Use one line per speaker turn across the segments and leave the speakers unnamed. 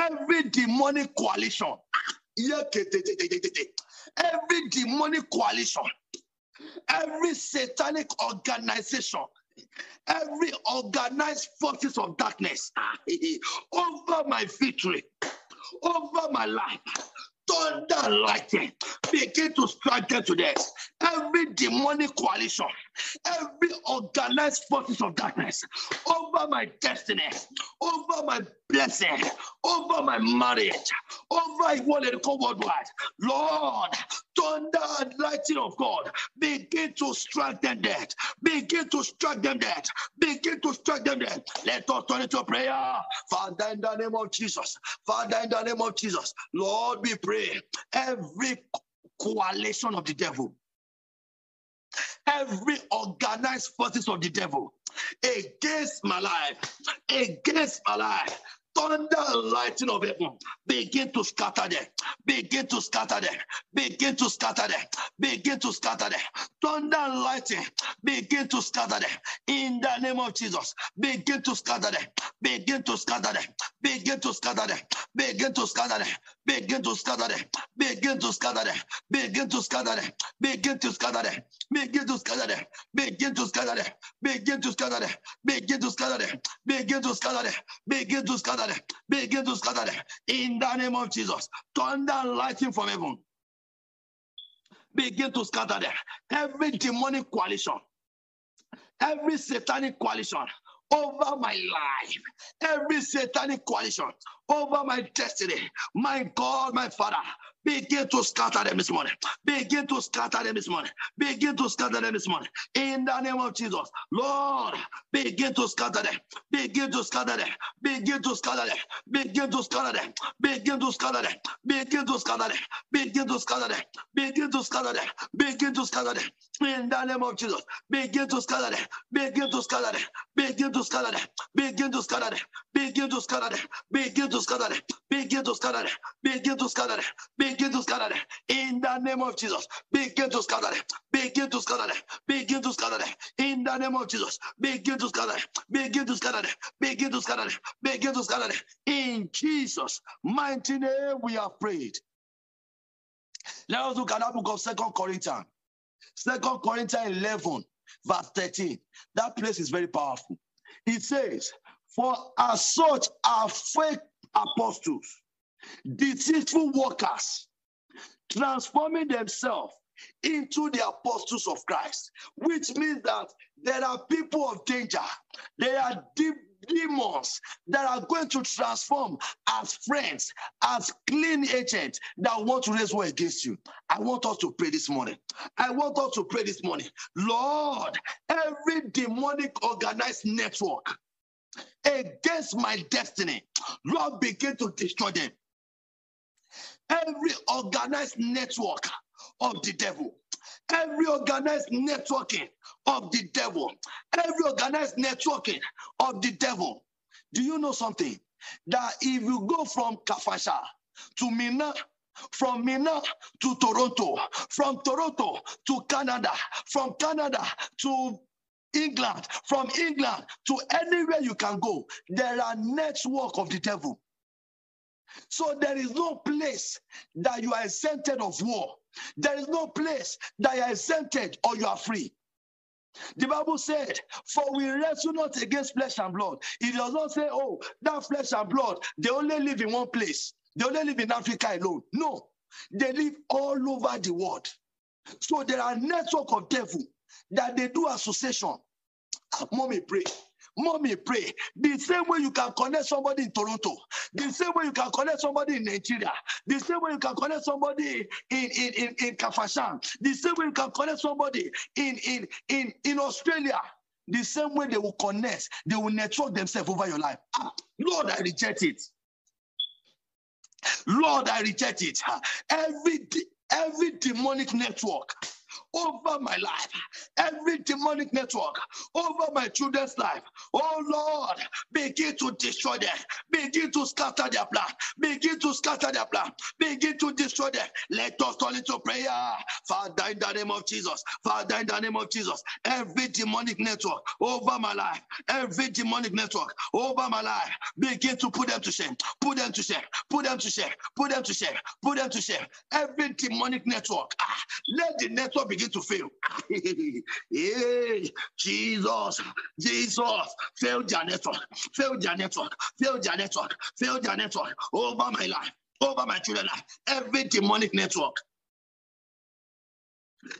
every demonic coalition, every demonic coalition, every satanic organization, every organized forces of darkness over my victory, over my life, thunder lightning, begin to strike them to death. Every demonic coalition, every organized forces of darkness over my destiny, over my blessing, over my marriage, over what they call worldwide. Lord, thunder and lightning of God, begin to strike them dead. Begin to strike them dead. Begin to strike them dead. Let us turn into prayer. Father, in the name of Jesus. Father, in the name of Jesus. Lord, we pray. Every coalition of the devil every organized forces of the devil against my life, against my life, thunder and lightning of heaven begin to scatter them, begin to scatter them, begin to scatter them, begin to scatter them. Thunder and lightning begin to scatter them in the name of Jesus. Begin to scatter them, begin to scatter them, begin to scatter them, begin to scatter them. Begin to scatter them. Begin to scatter them. Begin to scatter them. Begin to scatter them. Begin to scatter them. Begin to scatter them. Begin to scatter them. Begin to scatter them. Begin to scatter them. Begin to scatter them. Begin to scatter them. In the name of Jesus, thunder and lightning from heaven. Begin to scatter them. Every demonic coalition every satanic coalition over my life, every satanic coalition over my destiny, my God, my Father, Begin to scatter them this morning. Begin to scatter them this morning. Begin to scatter them this morning. In the name of Jesus. Lord, begin to scatter them. Begin to scatter them. Begin to scatter them. Begin to scatter them. Begin to scatter them. Begin to scatter them. Begin to scatter them. Begin to scatter them. Begin to scatter them. In the name of Jesus. Begin to scatter them. Begin to scatter them. Begin to scatter them. Begin to scatter them. Begin to scatter them. Begin to scatter them. Begin to scatter them. Begin to scatter them. Begin Begin to scatter them in the name of Jesus. Begin to scatter them. Begin to scatter them. Begin to scatter them in the name of Jesus. Begin to scatter them. Begin to scatter them. Begin to scatter them. Begin to scatter them. In Jesus' mighty name, we have prayed. Let us look at that book of Second Corinthians. Second Corinthians 11, verse 13. That place is very powerful. It says, For as such are fake apostles, deceitful workers, transforming themselves into the apostles of Christ, which means that there are people of danger. There are deep demons that are going to transform as friends, as clean agents that want to raise war against you. I want us to pray this morning. I want us to pray this morning. Lord, every demonic organized network against my destiny, Lord, begin to destroy them. Every organized network of the devil every organized networking of the devil, every organized networking of the devil. Do you know something? That if you go from Kafasha to Mina, from Mina to Toronto, from Toronto to Canada, from Canada to England, from England to anywhere you can go, there are network of the devil. So there is no place that you are exempted of war. There is no place that you are exempted or you are free. The Bible said, For we wrestle not against flesh and blood. It does not say, Oh, that flesh and blood, they only live in one place. They only live in Africa alone. No, they live all over the world. So there are network of devil that they do association. Mommy, pray. Mommy, pray. The same way you can connect somebody in Toronto, the same way you can connect somebody in Nigeria, the same way you can connect somebody in, in, in, in Kafashan, the same way you can connect somebody in, in, in, in Australia, the same way they will connect, they will network themselves over your life. Ah, Lord, I reject it. Lord, I reject it. Ah, every, every demonic network over my life, every demonic network over my children's life. Oh Lord, begin to destroy them, begin to scatter their plan, begin to scatter their plan, begin to destroy them. Let us turn into prayer. Father, in the name of Jesus, Father, in the name of Jesus, every demonic network over my life, every demonic network over my life, begin to put them to shame, put them to shame, put them to shame, put them to shame, put them to shame. Every demonic network, ah, let the network begin to fail. hey, Jesus, Jesus, fail their network, fail their network, fail their network, fail their network over my life, over my children, life, every demonic network.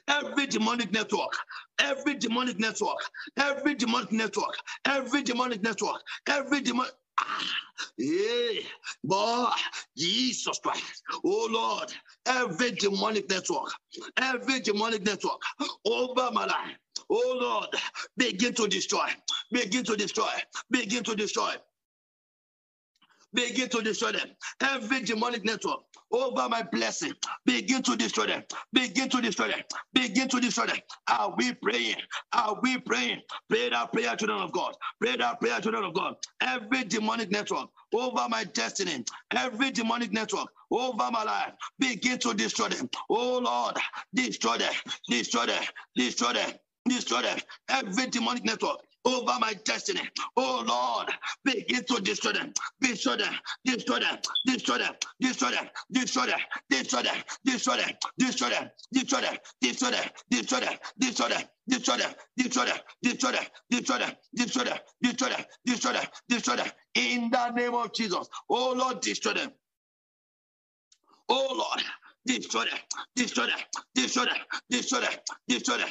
Every demonic network, every demonic network, every demonic network, every demonic network, every demonic. Ah, yeah, boy, Jesus Christ. Oh Lord, every demonic network, every demonic network over my life. Oh Lord, begin to destroy, begin to destroy, begin to destroy begin to destroy them. Every demonic network over my blessing, begin to destroy them. Begin to destroy them. Begin to destroy them. Are we praying? Are we praying? Pray that prayer, children of God. Pray that prayer, children of God. Every demonic network over my destiny, every demonic network over my life, begin to destroy them. Oh Lord, destroy them, destroy them, destroy them, Destroy them. Every demonic network over my destiny. Oh Lord, begin to destroy them, destroy them, destroy them, destroy them, destroy them, destroy them, destroy them, destroy them, destroy them, destroy them, destroy them, destroy them, destroy them. Destroy them, destroy them, destroy them, destroy them, destroy them, destroy them, destroy them, destroy them. In the name of Jesus. Oh Lord, destroy them. Oh Lord, destroy them, destroy them, destroy them, destroy them, destroy them.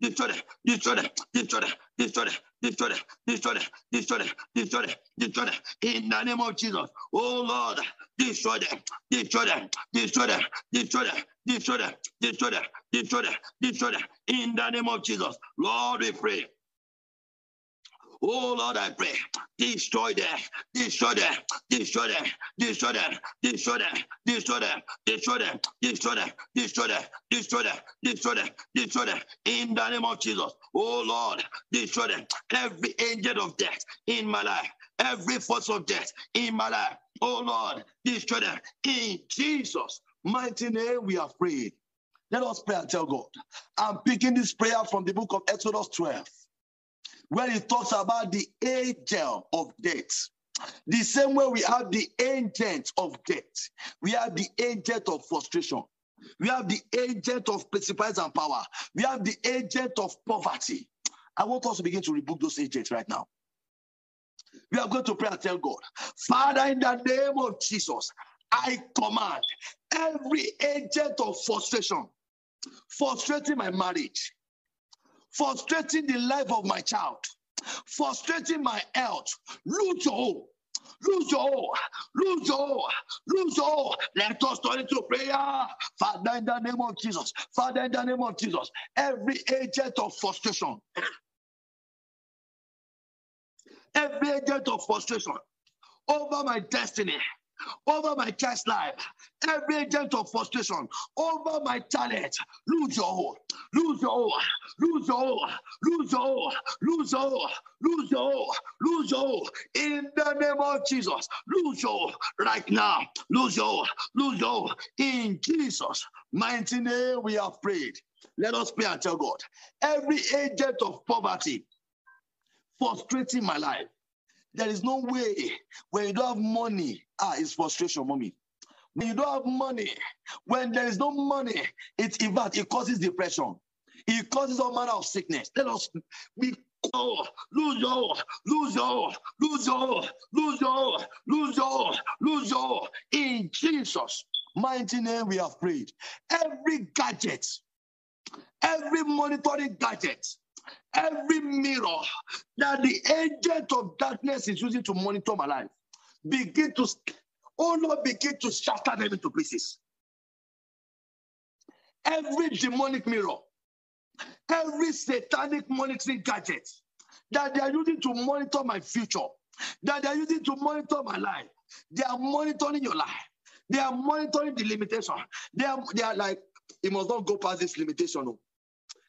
destroy it, destroy it, destroy it, destroy it, destroy it, destroy it, destroy it, destroy it, destroy it. In the name of Jesus, oh Lord, destroy them, destroy them, destroy them, destroy them, destroy them, destroy them, destroy them, destroy them. In the name of Jesus, Lord, we pray. Oh Lord, I pray, destroy them, destroy them, destroy them, destroy them, destroy them, destroy them, destroy them, destroy them, destroy them, destroy them, destroy them, destroy them. In the name of Jesus, oh Lord, destroy them. Every angel of death in my life, every force of death in my life, oh Lord, destroy them. In Jesus' mighty name, we are prayed. Let us pray and tell God. I'm picking this prayer from the book of Exodus 12 when it talks about the angel of death. The same way we have the agent of death, we have the agent of frustration, we have the agent of principles and power, we have the agent of poverty. I want us to begin to rebuke those agents right now. We are going to pray and tell God, Father, in the name of Jesus, I command every agent of frustration frustrating my marriage, frustrating the life of my child, frustrating my health. Lose all, Lose all, Lose all, Lose all. Let us turn into prayer. Father, in the name of Jesus. Father, in the name of Jesus. Every agent of frustration. Every agent of frustration over my destiny over my child's life, every agent of frustration over my talent, lose your hold, lose your hold, lose your hold, lose your hold, lose your hold, lose your hold, lose your hold, in the name of Jesus, lose your hold right now, lose your hold, lose your hold, in Jesus' mighty name we have prayed. Let us pray and tell God, every agent of poverty frustrating my life, there is no way when you don't have money. Ah, it's frustration, mommy. When you don't have money, when there is no money, it in fact it causes depression. It causes all manner of sickness. Let us be Oh, lose your, lose your, lose your, lose your, lose your, lose your. In Jesus' mighty name, we have prayed. Every gadget, every monitoring gadget, every mirror that the agent of darkness is using to monitor my life, begin to, oh Lord, begin to shatter them into pieces. Every demonic mirror, every satanic monitoring gadget that they are using to monitor my future, that they are using to monitor my life, they are monitoring your life. They are monitoring the limitation. They are, they are like, it must not go past this limitation. Oh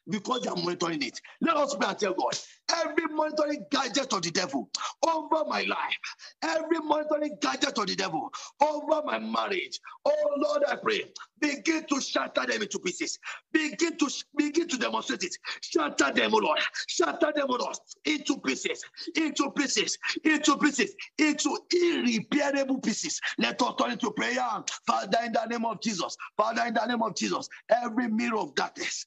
because they are monitoring it. Let us pray and tell God every monitoring gadget of the devil over my life, every monitoring gadget of the devil over my marriage. Oh Lord, I pray, begin to shatter them into pieces. Begin to begin to demonstrate it. Shatter them, oh Lord. Shatter them, oh Lord, into pieces, into pieces, into pieces, into irreparable pieces. Let us turn into prayer, Father, in the name of Jesus. Father, in the name of Jesus, every mirror of darkness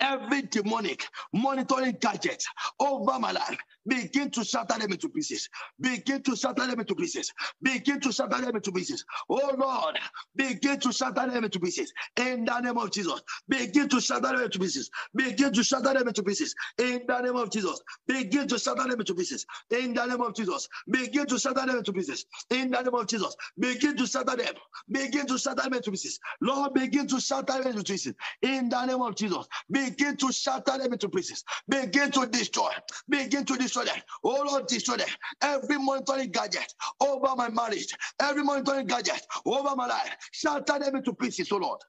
Every demonic monitoring gadget over my life, begin to shatter them into pieces. Begin to shatter them into pieces. Begin to shatter them into pieces. Oh Lord, begin to shatter them into pieces. In the name of Jesus, begin to shatter them into pieces. Begin to shatter them into pieces. In the name of Jesus, begin to shatter them into pieces. In the name of Jesus, begin to shatter them into pieces. In the name of Jesus, begin to shatter them. Begin to shatter them into pieces. Lord, begin to shatter them into pieces. In the name of Jesus, Begin to shatter them into pieces. Begin to destroy. Begin to destroy them. Oh Lord, destroy them. Every monitoring gadget over my marriage, every monitoring gadget over my life, shatter them into pieces, oh Lord.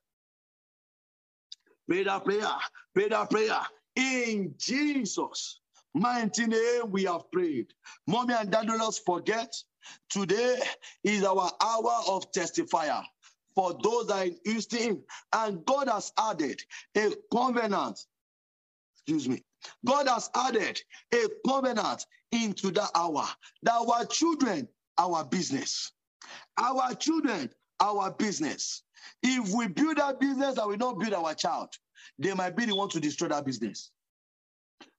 Pray that prayer. Pray that prayer. In Jesus' mighty name, we have prayed. Mommy and Daddy let us forget, today is our hour of testifier for those that are in Houston. And God has added a covenant. Excuse me. God has added a covenant into that hour that our children, our business. Our children, our business. If we build our business I will not build our child, they might be the one to destroy that business.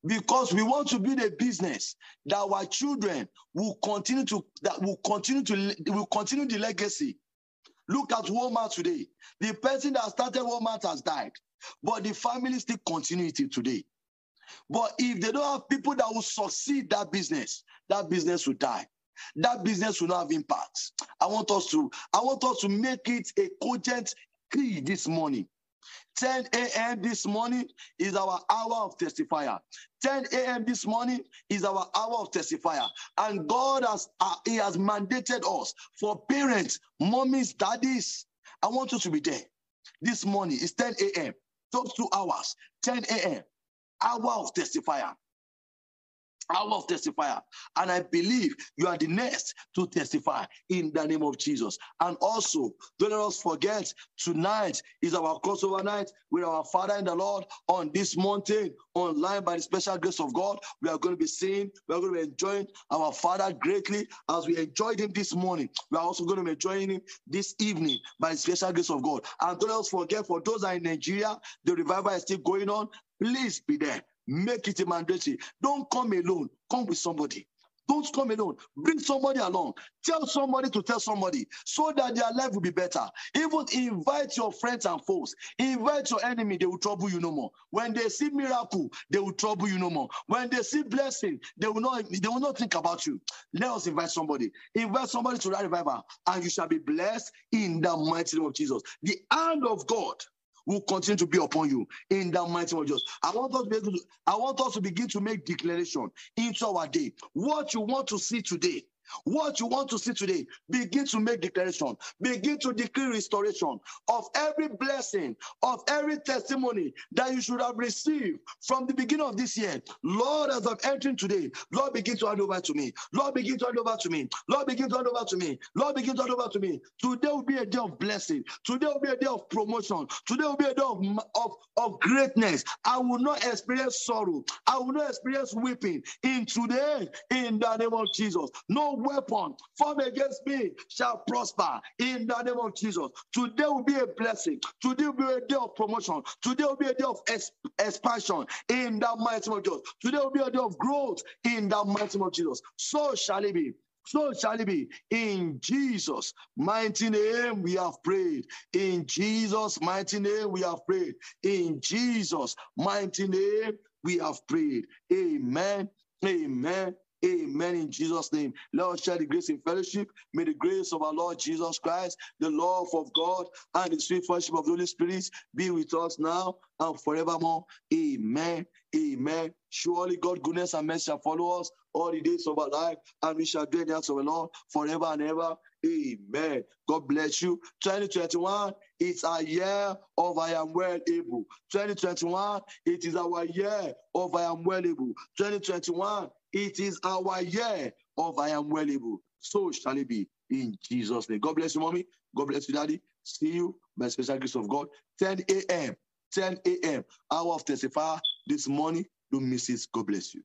Because we want to build a business that our children will continue to that will continue to will continue the legacy Look at Walmart today. The person that started Walmart has died, but the family still continuity today. But if they don't have people that will succeed that business, that business will die. That business will not have impact. I want us to, I want us to make it a cogent key this morning. 10 a.m. this morning is our hour of testifier. 10 a.m. this morning is our hour of testifier. And God has, uh, he has mandated us for parents, mommies, daddies. I want you to be there this morning. It's 10 a.m. Those two hours, 10 a.m. Hour of testifier hour of testifier. And I believe you are the next to testify in the name of Jesus. And also, don't let us forget tonight is our crossover night with our Father in the Lord on this mountain, online by the special grace of God. We are going to be seeing, we are going to be enjoying our Father greatly as we enjoyed him this morning. We are also going to be enjoying him this evening by the special grace of God. And don't let us forget for those that are in Nigeria, the revival is still going on. Please be there. Make it a mandatory. Don't come alone. Come with somebody. Don't come alone. Bring somebody along. Tell somebody to tell somebody so that their life will be better. Even invite your friends and foes. Invite your enemy. They will trouble you no more. When they see miracle, they will trouble you no more. When they see blessing, they will not, they will not think about you. Let us invite somebody. Invite somebody to that revival and you shall be blessed in the mighty name of Jesus. The hand of God will continue to be upon you in that mighty name of Jesus. I want us to be able to, I want us to begin to make declaration into our day. What you want to see today, what you want to see today, begin to make declaration. Begin to decree restoration of every blessing, of every testimony that you should have received from the beginning of this year. Lord, as I'm entering today, Lord, begin to hand over to me. Lord, begin to hand over to me. Lord, begin to hand over to me. Lord, begin to hand over to me. Today will be a day of blessing. Today will be a day of promotion. Today will be a day of, of, of greatness. I will not experience sorrow. I will not experience weeping. In today, in the name of Jesus, no weapon formed against me shall prosper in the name of Jesus. Today will be a blessing. Today will be a day of promotion. Today will be a day of expansion in the mighty name of Jesus. Today will be a day of growth in the mighty name of Jesus. So shall it be. So shall it be. In Jesus' mighty name, we have prayed. In Jesus' mighty name, we have prayed. In Jesus' mighty name, we have prayed. Amen. Amen. Amen. In Jesus' name. Let us share the grace in fellowship. May the grace of our Lord Jesus Christ, the love of God, and the sweet fellowship of the Holy Spirit be with us now and forevermore. Amen. Amen. Surely God, goodness and mercy shall follow us all the days of our life, and we shall dwell in the house of the Lord forever and ever. Amen. God bless you. 2021 is our year of I am well able. 2021, it is our year of I am well able. 2021, it is our year of I am well able. So shall it be in Jesus' name. God bless you, mommy. God bless you, daddy. See you by special grace of God. 10 a.m. 10 a.m. Hour of testifier this morning. Don't miss it. God bless you.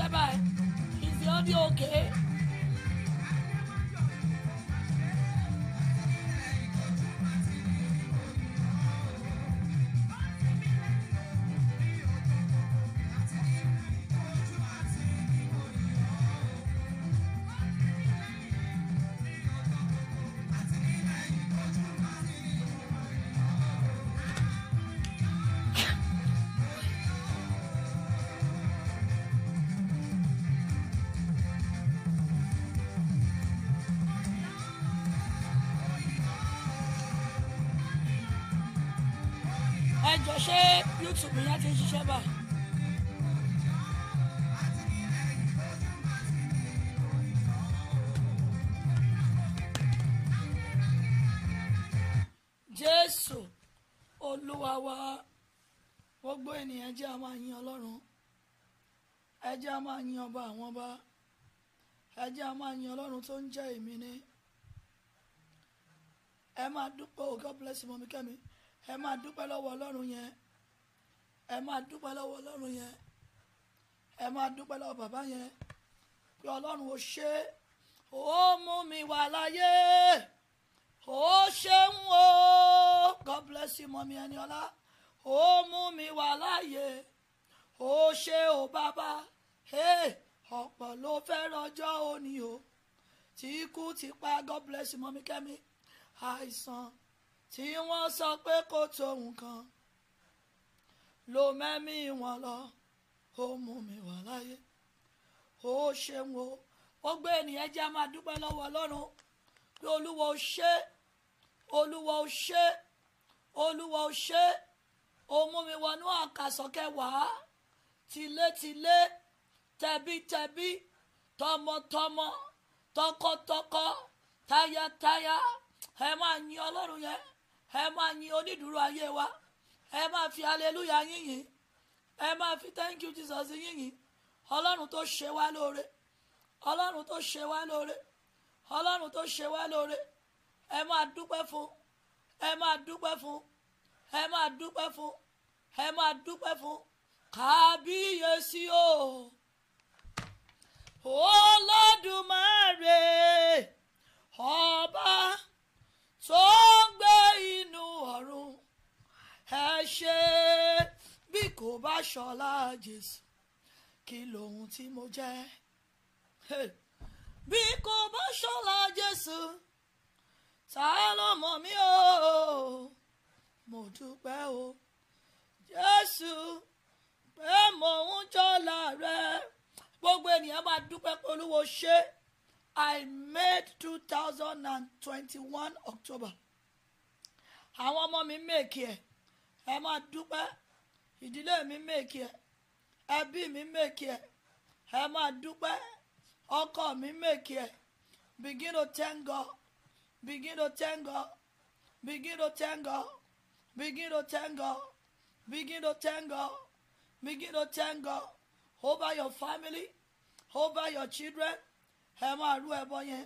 ṣe báyìí is the audio okay. ṣùgbọ́n ìyá ti ń ṣiṣẹ́ báyìí. jésù olúwa wa gbogbo ènìyàn jẹ́ a máa yìn ọlọ́run ẹ jẹ́ a máa yìn ọba àwọn ọba ẹ a máa yìn ọlọ́run tó ń jẹ́ èmi ní ẹ máa dúpẹ́ o oh, God bless you mọ̀mí kẹ́mi ẹ máa dúpẹ́ lọ́wọ́ ọlọ́run yẹn ẹ máa dúpẹ́ lọ́wọ́ ọlọ́run yẹn ẹ máa dúpẹ́ lọ́wọ́ bàbá yẹn pé ọlọ́run ó ṣe ó mú mi wà láyé ó ṣeun o God bless you mọ́mí ẹni ọlá ó mú mi wà láyé ó ṣe o bàbá ọ̀pọ̀ ló fẹ́ rọjọ́ òní o tí kú ti pa God bless you mọ́mí kẹ́mi àìsàn tí wọ́n sọ pé kò tó nǹkan ló mẹ́mí wọn lọ ó mú mi wà láyé ó ṣeun o ó gbé ènìyàn jẹ́ máa dúpẹ́ lọ́wọ́ ọlọ́run pé olúwa ó ṣe olúwa ó ṣe olúwa ó ṣe ó mú mi wọnú àkàsọ́kẹ́ wàá tilétilé tẹbítẹbí tọmọtọmọ tọkọtọkọ táyátáyá ẹ máa yin ọlọ́run yẹn ẹ máa yin onídùúró ayé wa ẹ máa fi hallelujah yínyìn ẹ máa fi thank you Jesus yínyìn ọlọ́run tó ṣe wá lóore ọlọ́run tó ṣe wá lóore ọlọ́run tó ṣe wá lóore ẹ máa dúpẹ́ fún ẹ máa dúpẹ́ fún ẹ máa dúpẹ́ fún ẹ máa dúpẹ́ fún kábíyèsí o olódùmarè ọba tó ń gbé. aṣọlá jésù kí lòun tí mo jẹ́ bí kò bá ṣọlá jésù ta ló mọ̀ mí o mo dúpẹ́ o jésù pé mò ń jọlá rẹ gbogbo ènìyàn máa dúpẹ́ pé olúwo ṣe I made two thousand and twenty-one October àwọn ọmọ mi mèkì ẹ̀ ẹ máa dúpẹ́ ìdílé mi mèkì ẹ ẹbí mi mèkì ẹ ẹ máa dúpẹ́ ọkọ mi mèkì ẹ begin to thank God begin to thank God begin to thank God begin to thank God begin to thank God begin to thank God over your family over your children ẹ máa rú ẹbọ yẹn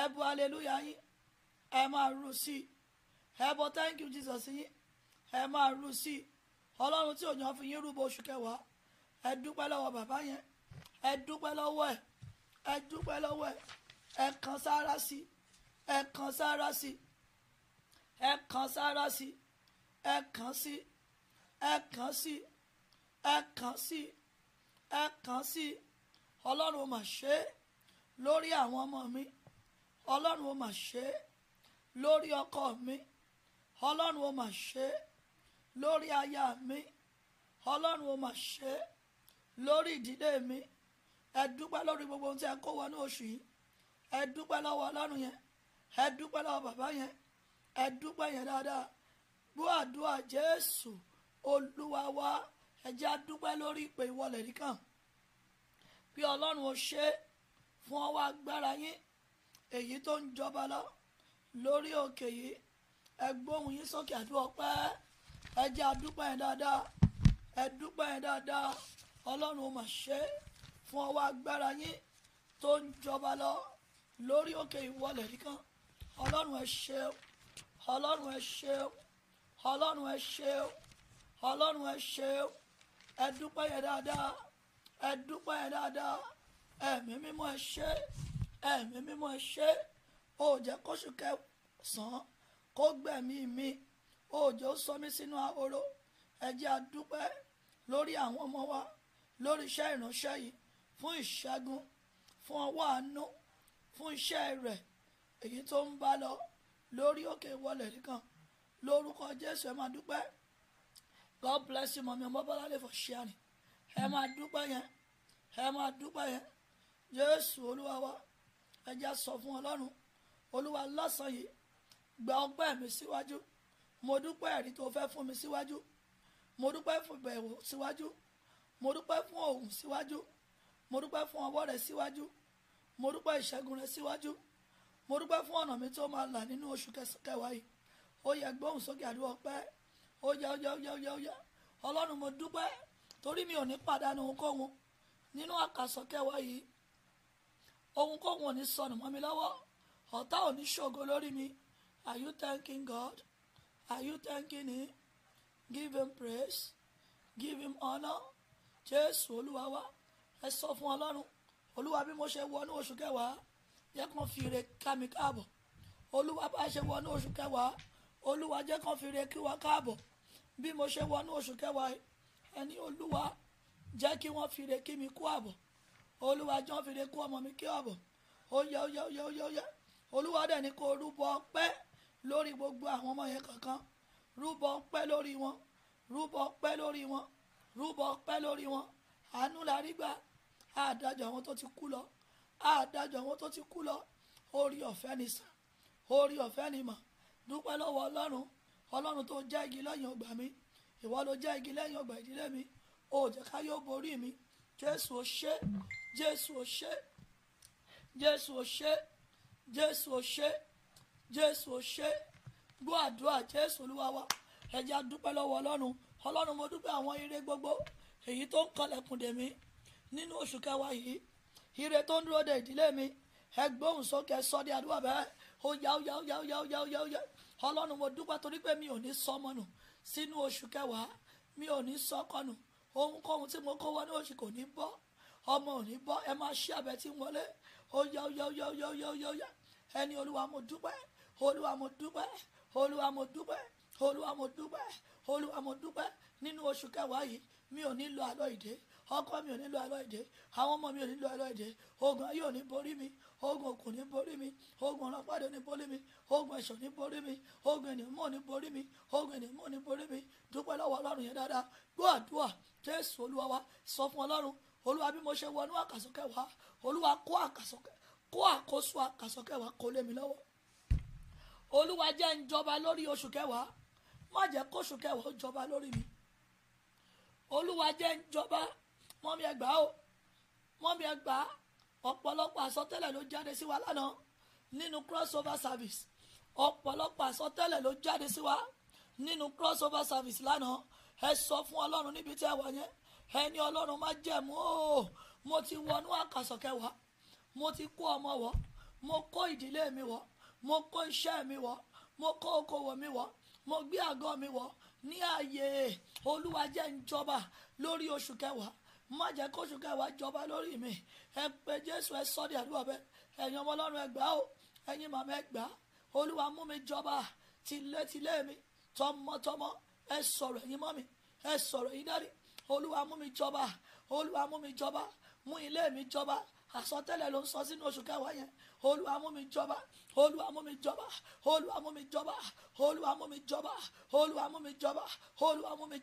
ẹ hallelujah yín ẹ máa rú sí i ẹ thank you Jesus yín ẹ máa rú sí ọlọ́run tí òyìn fi yín rúbọ oṣù kẹwàá ẹ dúpẹ́ lọ́wọ́ bàbá yẹn ẹ dúpẹ́ lọ́wọ́ ẹ ẹ dúpẹ́ lọ́wọ́ ẹ ẹ kan sára sí ẹ kan sára sí ẹ kan sára sí ẹ kan sí ẹ kan sí ẹ kan sí ẹ kan sí ọlọ́run mà ṣe é lórí àwọn ọmọ mi ọlọ́run mà ṣe é lórí ọkọ mi ọlọ́run mà ṣe é lórí aya mi ọlọ́run ó mà ṣe é lórí ìdílé mi ẹ dúpẹ́ lórí gbogbo ohun tí ẹ kó wọnú oṣù yìí ẹ dúpẹ́ lọ́wọ́ ọlọ́run yẹn ẹ dúpẹ́ lọ́wọ́ bàbá yẹn ẹ dúpẹ́ yẹn dáadáa gbọ́ àdúrà jésù olúwa wa ẹ jẹ́ á dúpẹ́ lórí ìpè ìwọlẹ̀ nìkan bí ọlọ́run ó ṣe é fún ọwọ́ agbára yín èyí tó ń jọba lọ lórí òkè yìí ẹ gbóhùn yín sókè àdúrà pẹ́ẹ́ ẹ jẹ́ àdúpẹ́ yẹn dáadáa ẹ dúpẹ́ yẹn dáadáa ọlọ́run ó mà ṣe fún ọwọ́ agbára yín tó ń jọba lọ lórí òkè ìwọlẹ̀ nìkan ọlọ́run ẹ ṣe ọlọ́run ẹ ṣe ọlọ́run ẹ ṣe ọlọ́run ẹ ṣe ẹ dúpẹ́ yẹn dáadáa ẹ dúpẹ́ yẹn dáadáa ẹ̀mí mímọ́ ẹ ṣe ẹ̀mí mímọ́ ẹ ṣe ó jẹ́ kóṣù kẹsàn-án kó gbẹ̀mí mi. mi òjò sọ mí sínú ahoro ẹ jẹ́ a dúpẹ́ lórí àwọn ọmọ wa lórí iṣẹ́ ìránṣẹ́ yìí fún ìṣẹ́gun fún ọwọ́ àánú fún iṣẹ́ rẹ̀ èyí tó ń bá lọ lórí òkè ìwọlẹ̀ nìkan lórúkọ Jésù ẹ máa dúpẹ́ God bless you mọ̀mí ọmọ bọ́lálẹ̀ for sharing ẹ máa dúpẹ́ yẹn ẹ máa dúpẹ́ yẹn Jésù olúwa wa ẹ jẹ́ sọ fún Ọlọ́run olúwa lọ́sàn-án yìí gba ọgbẹ́ mi síwájú. Si mo dúpẹ́ ẹ̀rí tó fẹ́ fún mi síwájú mo dúpẹ́ fún ìbẹ̀wò síwájú mo dúpẹ́ fún òun síwájú mo dúpẹ́ fún ọwọ́ rẹ síwájú mo dúpẹ́ ìṣẹ́gun rẹ síwájú mo dúpẹ́ fún ọ̀nà mi tó máa là nínú oṣù kẹwàá yìí ó yẹ gbóhùn sókè àdúrà ọpẹ́ ó yẹ ó yẹ ó yẹ ó yẹ ó yẹ ọlọ́run mo dúpẹ́ torí mi ò ní pàdánù ohunkóhun nínú àkàsọ kẹwàá yìí ohunkóhun ò ní sọnù mọ́ mi lọ́wọ́ ọ̀tá ò ní ṣògo lórí mi are you thanking God? Are you thanking him? Give him praise. Give him honor. Jésù Olúwa wa ẹ sọ fún Ọlọ́run Olúwa bí mo ṣe wọnú oṣù kẹwàá yẹ kàn fi ire ká mi káàbọ̀ Olúwa bá ṣe wọnú oṣù kẹwàá Olúwa jẹ́ kàn fi ire kí wa káàbọ̀ bí mo ṣe wọnú oṣù kẹwàá ẹni Olúwa jẹ́ kí wọ́n fi ire kí mi kú àbọ̀ Olúwa jẹ́ wọ́n fi ire kú ọmọ mi kí àbọ̀ ó yẹ ó yẹ ó Olúwa dẹ̀ ní kó rúbọ pẹ́ẹ́ lórí gbogbo àwọn ọmọ yẹn kankan rúbọ pẹ́ lórí wọn rúbọ pẹ́ lórí wọn rúbọ pẹ́ lórí wọn àánú la rí gbà àdájọ́ àwọn tó ti kú lọ àdájọ́ àwọn tó ti kú lọ orí ọ̀fẹ́ ni sàn orí ọ̀fẹ́ ni mọ̀ dúpẹ́ lọ́wọ́ ọlọ́run ọlọ́run tó jẹ́ igi lẹ́yìn ọgbà mi ìwọ ló jẹ́ igi lẹ́yìn ọgbà ìdílé mi ó jẹ́ ká yóò borí mi jésù ó ṣé jésù ó ṣé jésù ó ṣé jésù ó ṣé jésù ò ṣe gbọ́ àdúrà jésù olúwa wa ẹ jẹ́ a dúpẹ́ lọ́wọ́ ọlọ́run ọlọ́run mo dúpẹ́ àwọn ire gbogbo èyí tó ń kanlẹ̀kùn dè mí nínú oṣù kẹwàá yìí ire tó ń dúró de ìdílé mi ẹ gbóhùn sókè sọ di àdúrà bẹ́ẹ̀ ó yá ó yá ó yá ó yá ó yá ó yá ọlọ́run mo dúpẹ́ torí pé mi ò ní sọmọ nù sínú oṣù kẹwàá mi ò ní sọkọ nù ohunkóhun tí mo kó wá ní oṣù kò ní bọ́ ọmọ ò ní bọ́ ẹ máa ṣí àbẹ̀ tí ń wọlé ó ó yá ó yá ó yá ó yá ó yá ẹni olúwa mo dúpẹ́ olúwa mo dúpẹ́ olúwa mo dúpẹ́ olúwa mo dúpẹ́ olúwa mo dúpẹ́ nínú oṣù kẹwàá yìí mi ò ní lọ àlọ́ ìdè ọkọ mi ò ní lọ àlọ́ ìdè àwọn ọmọ mi ò ní lọ àlọ́ ìdè ogun ayé ò ní borí mi ogun òkun ní borí mi ogun ọlọ́pàdé ò ní borí mi ogun ẹ̀ṣọ́ ní borí mi ogun ènìyàn mọ̀ ní borí mi ogun ènìyàn mọ̀ ní borí mi dúpẹ́ lọ́wọ́ ọlọ́run yẹn dáadáa gbọ́ àdúrà jésù olúwa wa sọ fún ọlọ́run olúwa bí mo ṣe wọnú àkàsọ́kẹ́ wa olúwa kó àkàsọ́kẹ́ kó àkóso àkàsọ́kẹ́ wa kó lé mi lọ́wọ́ olúwa jẹ́ ń jọba lórí oṣù kẹwàá má jẹ́ kóṣù kẹwàá ó jọba lórí mi olúwa jẹ́ ń jọba mọ́mí ẹgbàá o mọ́mí ẹgbàá ọ̀pọ̀lọpọ̀ àsọtẹ́lẹ̀ ló jáde sí wa lánàá nínú crossover service ọ̀pọ̀lọpọ̀ àsọtẹ́lẹ̀ ló jáde sí wa nínú crossover service lánàá ẹ sọ fún ọlọ́run níbi tí ẹ wà yẹn ẹni ọlọ́run má jẹ̀mú o mo ti wọnú àkàsọ̀ kẹwàá mo ti kó ọmọ wọ̀ mo kó ìdílé mi wọ̀ mo kó iṣẹ́ mi wọ̀ mo kó okòwò mi wọ̀ mo gbé àgọ́ mi wọ̀ ní ààyè olúwa jẹ́ ń jọba lórí oṣù kẹwàá má jẹ́ kóṣù kẹwàá jọba lórí mi ẹ pé jésù ẹ sọ́ di àdúrà bẹ́ẹ̀ ẹ̀yin ọmọ ọlọ́run ẹ gbà o ẹ̀yin màmá ẹ olúwa mú mi jọba tilétilé mi tọmọtọmọ ẹ sọ̀rọ̀ ẹ̀yin mọ́ mi ẹ sọ̀rọ̀ ẹ̀yin dárí olúwa mú mi jọba olúwa mú mi jọba mú ilé mi jọba àsọtẹ́lẹ̀ ló ń sọ sínú oṣù kẹwàá yẹn olúwa mú mi jọba olúwa mú mi jọba olúwa mú mi jọba olúwa mú mi jọba olúwa mú mi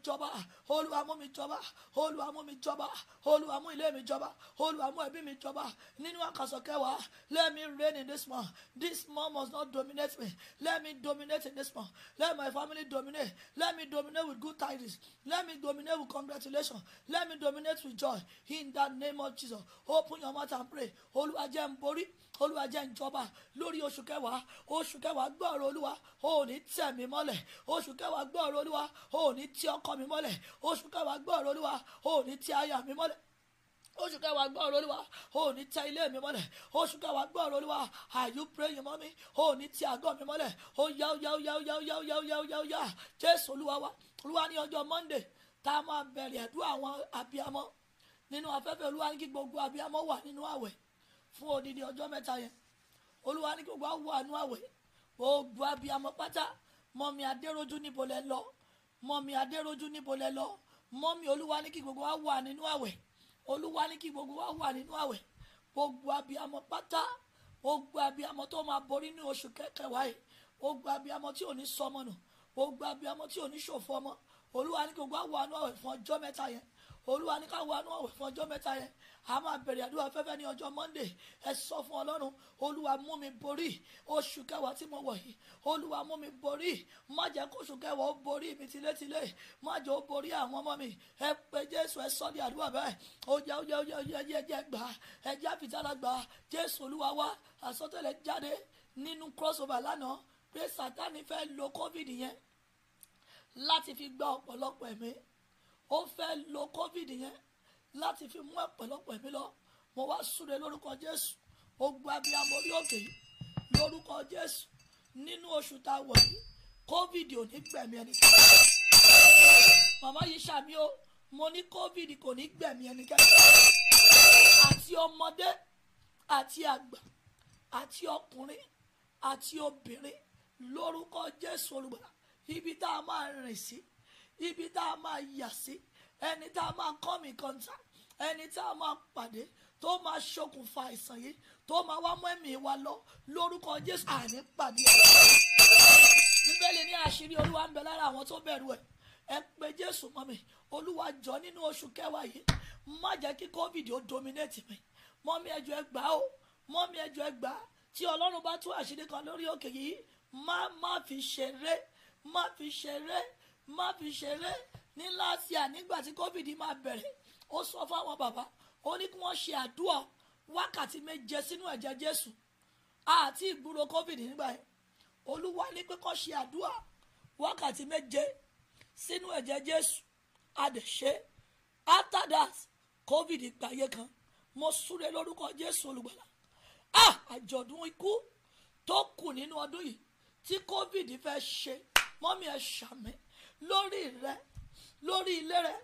jọba olúwa mú mi jọba olúwa mú mi jọba olúwa mú mi jọba olúwa mú ilé mi jọba olúwa mú ẹbí mi jọba nínú àkàsọ̀ kẹwàá let me reign in this month this month must not dominate me let me dominate in this month let my family dominate let me dominate with good tidings let me dominate with congratulation. let me dominate with joy in the name of Jesus open your mouth and pray olúwa jẹ́ n borí olúwa jẹ́ n jọba lórí oṣù oṣù kẹwàá oṣù kẹwàá gbọ́ ọ̀rọ̀ olúwa ò ní tẹ̀ mí mọ́lẹ̀ oṣù kẹwàá gbọ́ ọ̀rọ̀ olúwa ò ní ọkọ mi mọ́lẹ̀ oṣù kẹwàá gbọ́ olúwa ò ní aya mi mọ́lẹ̀ oṣù kẹwàá gbọ́ olúwa ò ní ilé mi mọ́lẹ̀ oṣù kẹwàá gbọ́ olúwa are you praying mọ́mí ò ní àgọ́ mi mọ́lẹ̀ ó yá ó yá ó yá ó yá ó yá ó yá ó yá ó yá ó yá jésù olúwa wa olúwa ní ọjọ́ monday tá a máa bẹ̀rẹ̀ ẹ̀dùn àwọn abiyamọ nínú afẹ́fẹ́ olúwa ní kí gbogbo abiyamọ wà nínú àwẹ̀ fún odidi ọjọ́ mẹ́ta yẹn olúwa ní gbogbo àwọn àánú àwẹ̀ gbogbo abiyamọ pátá mọ́mí adéròjú níbo lẹ lọ mọ́mí adéròjú níbo lẹ lọ mọ́mí olúwa ní kí gbogbo wa wà nínú àwẹ̀ olúwa ní kí gbogbo wa wà nínú àwẹ̀ gbogbo abiyamọ pátá gbogbo abiyamọ tó máa borí ní oṣù kẹkẹwàá yìí gbogbo abiyamọ tí ò ní sọmọ nù gbogbo abiyamọ tí ò ní ṣòfò ọmọ olúwa ní kí gbogbo wa wà nínú àwẹ̀ fún ọjọ́ mẹ́ta yẹn olúwa ní ká wà nínú àwẹ̀ fún ọjọ́ mẹ́ta yẹn a máa bẹ̀rẹ̀ àdúrà fẹ́fẹ́ ní ọjọ́ monday ẹ sọ fún ọlọ́run olúwa mú mi borí oṣù kẹwàá tí mo wọ̀ yìí olúwa mú mi borí má jẹ́ kó oṣù kẹwàá ó borí mi tilétilé má jẹ́ ó borí àwọn ọmọ mi ẹ pé jésù ẹ sọ ní àdúrà bẹ́ẹ̀ ó jẹ́ ó jẹ́ ó jẹ́ ó jẹ́ ẹjẹ́ gbà ẹjẹ́ àfitálà gbà jésù olúwa wá àsọtẹ́lẹ̀ jáde nínú crossover lánàá pé sátani fẹ́ lo covid yẹn láti fi gba ọ̀pọ̀lọpọ̀ ẹ̀mí ó fẹ́ lo covid yẹn láti fi mú ọ̀pọ̀lọpọ̀ ẹ̀mí lọ mo wá súre lórúkọ jésù ogun abiyamọ orí òkè yìí lórúkọ jésù nínú oṣù tá a wọ̀ yìí covid ò ní gbẹ̀mí ẹnikẹ́ni màmá yìí ṣàmì o mo ní covid kò ní gbẹ̀mí ẹnikẹ́ni àti ọmọdé àti àgbà àti ọkùnrin àti obìnrin lórúkọ jésù olùgbàlà ibi tá a máa rìn sí ibi tá a máa yà sí ẹni tá a máa come in contact ẹni tá a máa pàdé tó máa ṣokùnfà àìsàn yìí tó máa wá mú ẹ̀mí wa lọ lórúkọ jésù àní pàdé ẹ̀ bíbélì ní àṣírí olúwa ń bẹ lára àwọn tó bẹ̀rù ẹ̀ ẹ pé jésù mọ́ mi olúwa jọ nínú oṣù kẹwàá yìí má jẹ́ kí covid ó dominate mi mọ́ mi ẹjọ́ ẹ gbà ó mọ́ mi ẹjọ́ ẹ gbà á tí ọlọ́run bá tú àṣírí kan lórí òkè yìí má má fi ṣeré má fi ṣeré má fi ṣeré ní láti à nígbà tí covid máa bẹ̀rẹ̀ ó sọ fáwọn bàbá ó ní kí wọ́n ṣe àdúrà wákàtí méje sínú ẹ̀jẹ̀ jésù àti ìgbúro covid nígbà yẹn olúwa ní pé kó ṣe àdúrà wákàtí méje sínú ẹ̀jẹ̀ jésù àdèṣe after that covid gbàyè kan mo súre lórúkọ jésù olùgbàlà ah àjọ̀dún ikú tó kù nínú ọdún yìí tí covid fẹ́ ṣe mọ́mí ẹ̀ ṣàmì lórí rẹ lórí ilé rẹ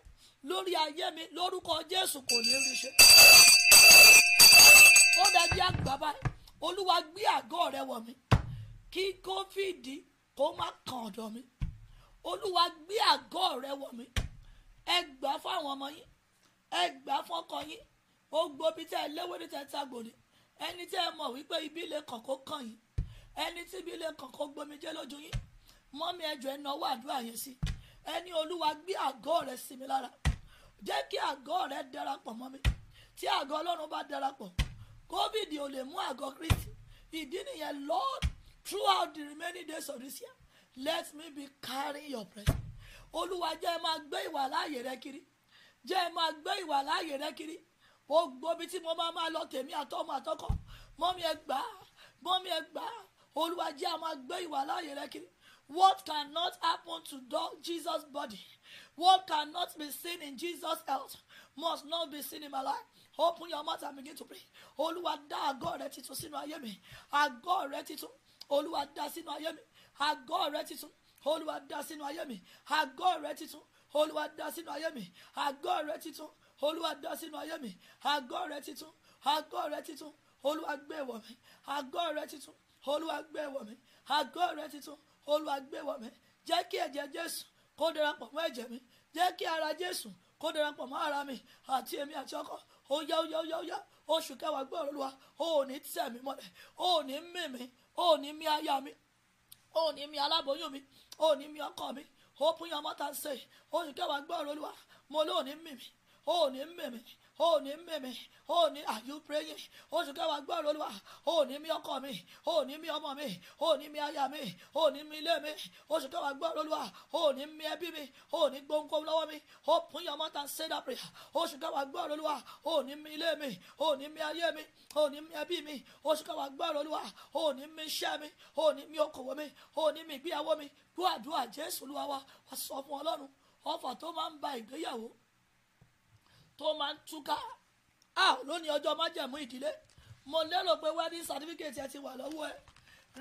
lórí ayé mi lórúkọ jésù kò ní rí ṣe. ó dájú àgbà báyìí olúwa gbé àgọ́ rẹ wọ̀ mí kí kófíìdì kó má kàn ọ̀dọ̀ mi olúwa gbé àgọ́ rẹ wọ̀ mí ẹ gbà fún àwọn ọmọ yín ẹ gbà fún ọkọ yín ó gbobi tẹ ẹ léwé ní tẹ ta gbòdì ẹni tẹ ẹ mọ̀ wípé ibi ilé kàn kó kàn yín ẹni tí ibi ilé kàn kó gbomi jẹ́ lójú yín mọ́mí ẹjọ́ ẹ náwó àdúrà yẹn sí ẹni olúwa gbé àgọ́ rẹ sí mi lára jẹ́ kí àgọ́ rẹ darapọ̀ mọ́ mi tí àgọ́ ọlọ́run bá darapọ̀ covid ò lè mú àgọ́ kristi ìdí nìyẹn lord throughout the remaining days of this year let me be carrying your presence olúwa jẹ́ ẹ máa gbé ìwà láàyè rẹ kiri jẹ́ ẹ máa gbé ìwà láàyè rẹ kiri gbogbo ibi tí mo máa máa lọ tèmi àtọmọ àtọkọ mọ́mí ẹ gbà á mọ́mí ẹ gbà á olúwa jẹ́ a máa gbé ìwà láàyè rẹ kiri what cannot happen to dog jesus body What cannot be seen in Jesus' health must not be seen in my life. Open your mouth and begin to pray. Olúwa dá God ready to sínú ayé mi. Àgọ́ rẹ titun. Olúwa dá sínú ayé mi. Àgọ́ rẹ titun. Olúwa dá sínú ayé mi. Àgọ́ rẹ titun. Olúwa dá sínú ayé mi. Àgọ́ rẹ titun. Olúwa dá sínú ayé mi. Àgọ́ rẹ titun. Àgọ́ rẹ titun. Olúwa gbé wọ̀ mí. Àgọ́ rẹ titun. Olúwa gbé wọ̀ mí. Àgọ́ God ready to gbé wọ̀ mí. Jẹ́ kí ẹ̀jẹ̀ Jésù kó darapọ̀ mọ́ ẹ̀jẹ̀ mi jẹ́ kí ara jésù kó darapọ̀ mọ́ ara mi àti èmi àti ọkọ ó yá ó yá ó yá ó yá oṣù kẹwàá gbọ́ ọ̀rọ̀ lùwà ó ní tẹ̀ mí mọ́lẹ̀ ó ní mì mí ó ní mì aya mi ó ní mì aláboyún mi ó ní mì ọkọ mi ó pín ọmọ tá a ṣe oṣù kẹwàá gbọ́ ọ̀rọ̀ lùwà mo lóò ní mì mí ó ní mì mí ò ní mímí ò ní are you praying oṣù kẹwàá gbọ́rọ̀ olúwa ò ní mí ọkọ mi ò ní mí ọmọ mi ò ní mí aya mi ò ní mí ilé mi oṣù kẹwàá gbọ́rọ̀ olúwa ò ní ẹbí mi ò gbóngbóng lọ́wọ́ mi open your mouth and say prayer oṣù kẹwàá gbọ́rọ̀ olúwa ò ní mí ilé mi ò ní mí ayé mi ò ní mí ẹbí mi oṣù kẹwàá gbọ́rọ̀ olúwa ò ní mí iṣẹ́ mi ò ní okòwò mi ò ní ìgbéyàwó mi gbọ́ àdúrà jésù wa wà sọ fún ọlọ́run ọfà tó máa ń túká a lónìí ọjọ́ májẹ̀mú ìdílé mo lérò pé wedding certificate ẹ ti wà lọ́wọ́ ẹ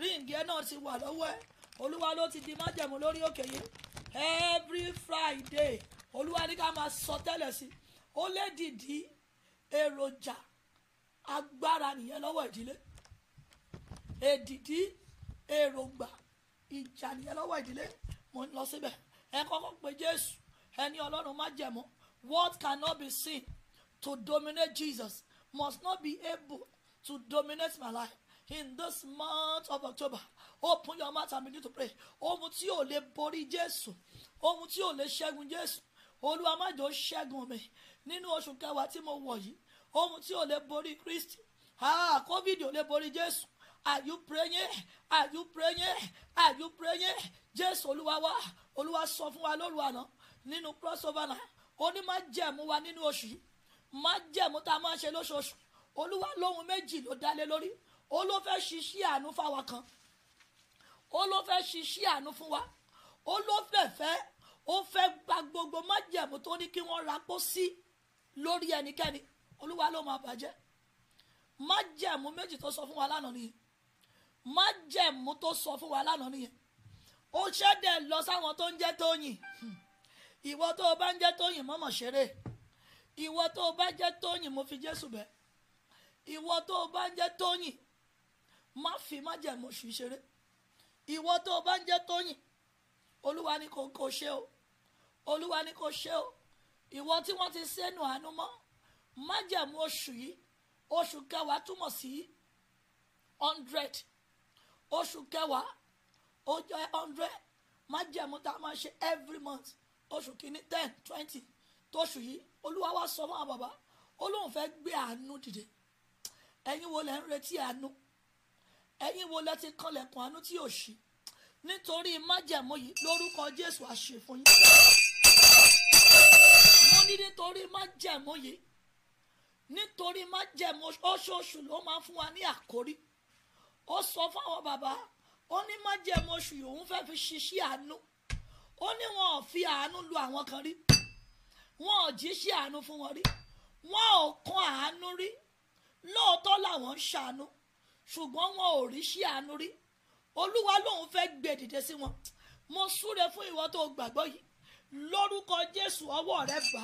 ring ẹ náà ti wà lọ́wọ́ ẹ olúwa ló ti di májẹ̀mú lórí òkè yìí every friday olúwa ní ká máa sọ tẹ́lẹ̀ sí ó lè dìdí èròjà agbára nìyẹn lọ́wọ́ ìdílé èdìdí èròǹgbà ìjà nìyẹn lọ́wọ́ ìdílé mo ń lọ síbẹ̀ ẹ kọ́kọ́ pe jésù ẹni ọlọ́run májẹ̀mú What cannot be seen to dominate Jesus must not be able to dominate my life in this month of October. Open your mouth and begin to pray. Ohun tí ò lè borí Jésù, ohun tí ò lè ṣẹ́gun Jésù, Olúwa má jọ̀ọ́ ṣẹ́gun mi nínú oṣù kẹwàá tí mo wọ̀ yìí. Ohun tí ò lè borí Kristi, ah COVID ò lè borí Jésù. Are you praying? Are you praying? Are you praying? Jésù Olúwa wá, Olúwa sọ fún wa lóru àná nínú crossover náà ó ní má jẹ̀mú wa nínú oṣù yìí má jẹ̀mú tá a máa ṣe lóṣooṣù olúwa lóhun méjì ló dálé lórí ó ló fẹ́ ṣiṣẹ́ àánú fáwa kan ó ló fẹ́ ṣiṣẹ́ àánú fún wa ó ló fẹ́ fẹ́ ó fẹ́ gba gbogbo má jẹ̀mú tó ní kí wọ́n rapó sí lórí ẹnikẹ́ni olúwa ló máa bàjẹ́ má jẹ̀mú méjì tó sọ fún wa lánàá nìyẹn má jẹ̀mú tó sọ fún wa lánàá nìyẹn ó ṣẹ́dẹ̀ lọ sáwọn tó ń jẹ́ Tóyìn. Hmm ìwọ tó o bá ń jẹ́ tóyìn mọ́mọ́ ṣeré ìwọ tó o bá jẹ́ tóyìn mo fi jésù bẹ̀ ìwọ tó o bá ń jẹ́ tóyìn má fi má jẹ̀ mo ṣì ṣeré ìwọ tó o bá ń jẹ́ tóyìn olúwa ni kò kò ṣe o olúwa ni kò ṣe o ìwọ tí wọ́n ti sẹ́nu àánú mọ́ má jẹ̀ mo oṣù yìí oṣù kẹwàá túmọ̀ sí hundred oṣù kẹwàá ó jẹ́ hundred má jẹ̀ mo tá máa ṣe every month oṣù kìíní ten twenty tóṣù yìí olúwa wá sọ fún àwọn bàbá ó lóun fẹ́ gbé àánú dìde ẹ̀yin wo lẹ ń retí àánú ẹ̀yin wo lẹ ti kanlẹ̀kùn àánú tí yóò ṣí nítorí májẹ̀mú yìí lórúkọ jésù àṣẹ fún mo ní nítorí májẹ̀mú yìí nítorí májẹ̀mú oṣooṣù ló máa fún wa ní àkórí ó sọ fún àwọn bàbá ó ní májẹ̀mú oṣù yìí òun fẹ́ fi ṣiṣẹ́ àánú ó ní wọn ò fi àánú lu àwọn kan rí wọn ò jíṣẹ́ àánú fún wọn rí wọn ò kan àánú rí lóòótọ́ làwọn ń ṣàánú ṣùgbọ́n wọn ò rí ṣí àánú rí olúwa lòun fẹ́ gbé dìde sí wọn mo súre fún ìwọ tó gbàgbọ́ yìí lórúkọ jésù ọwọ́ rẹ bá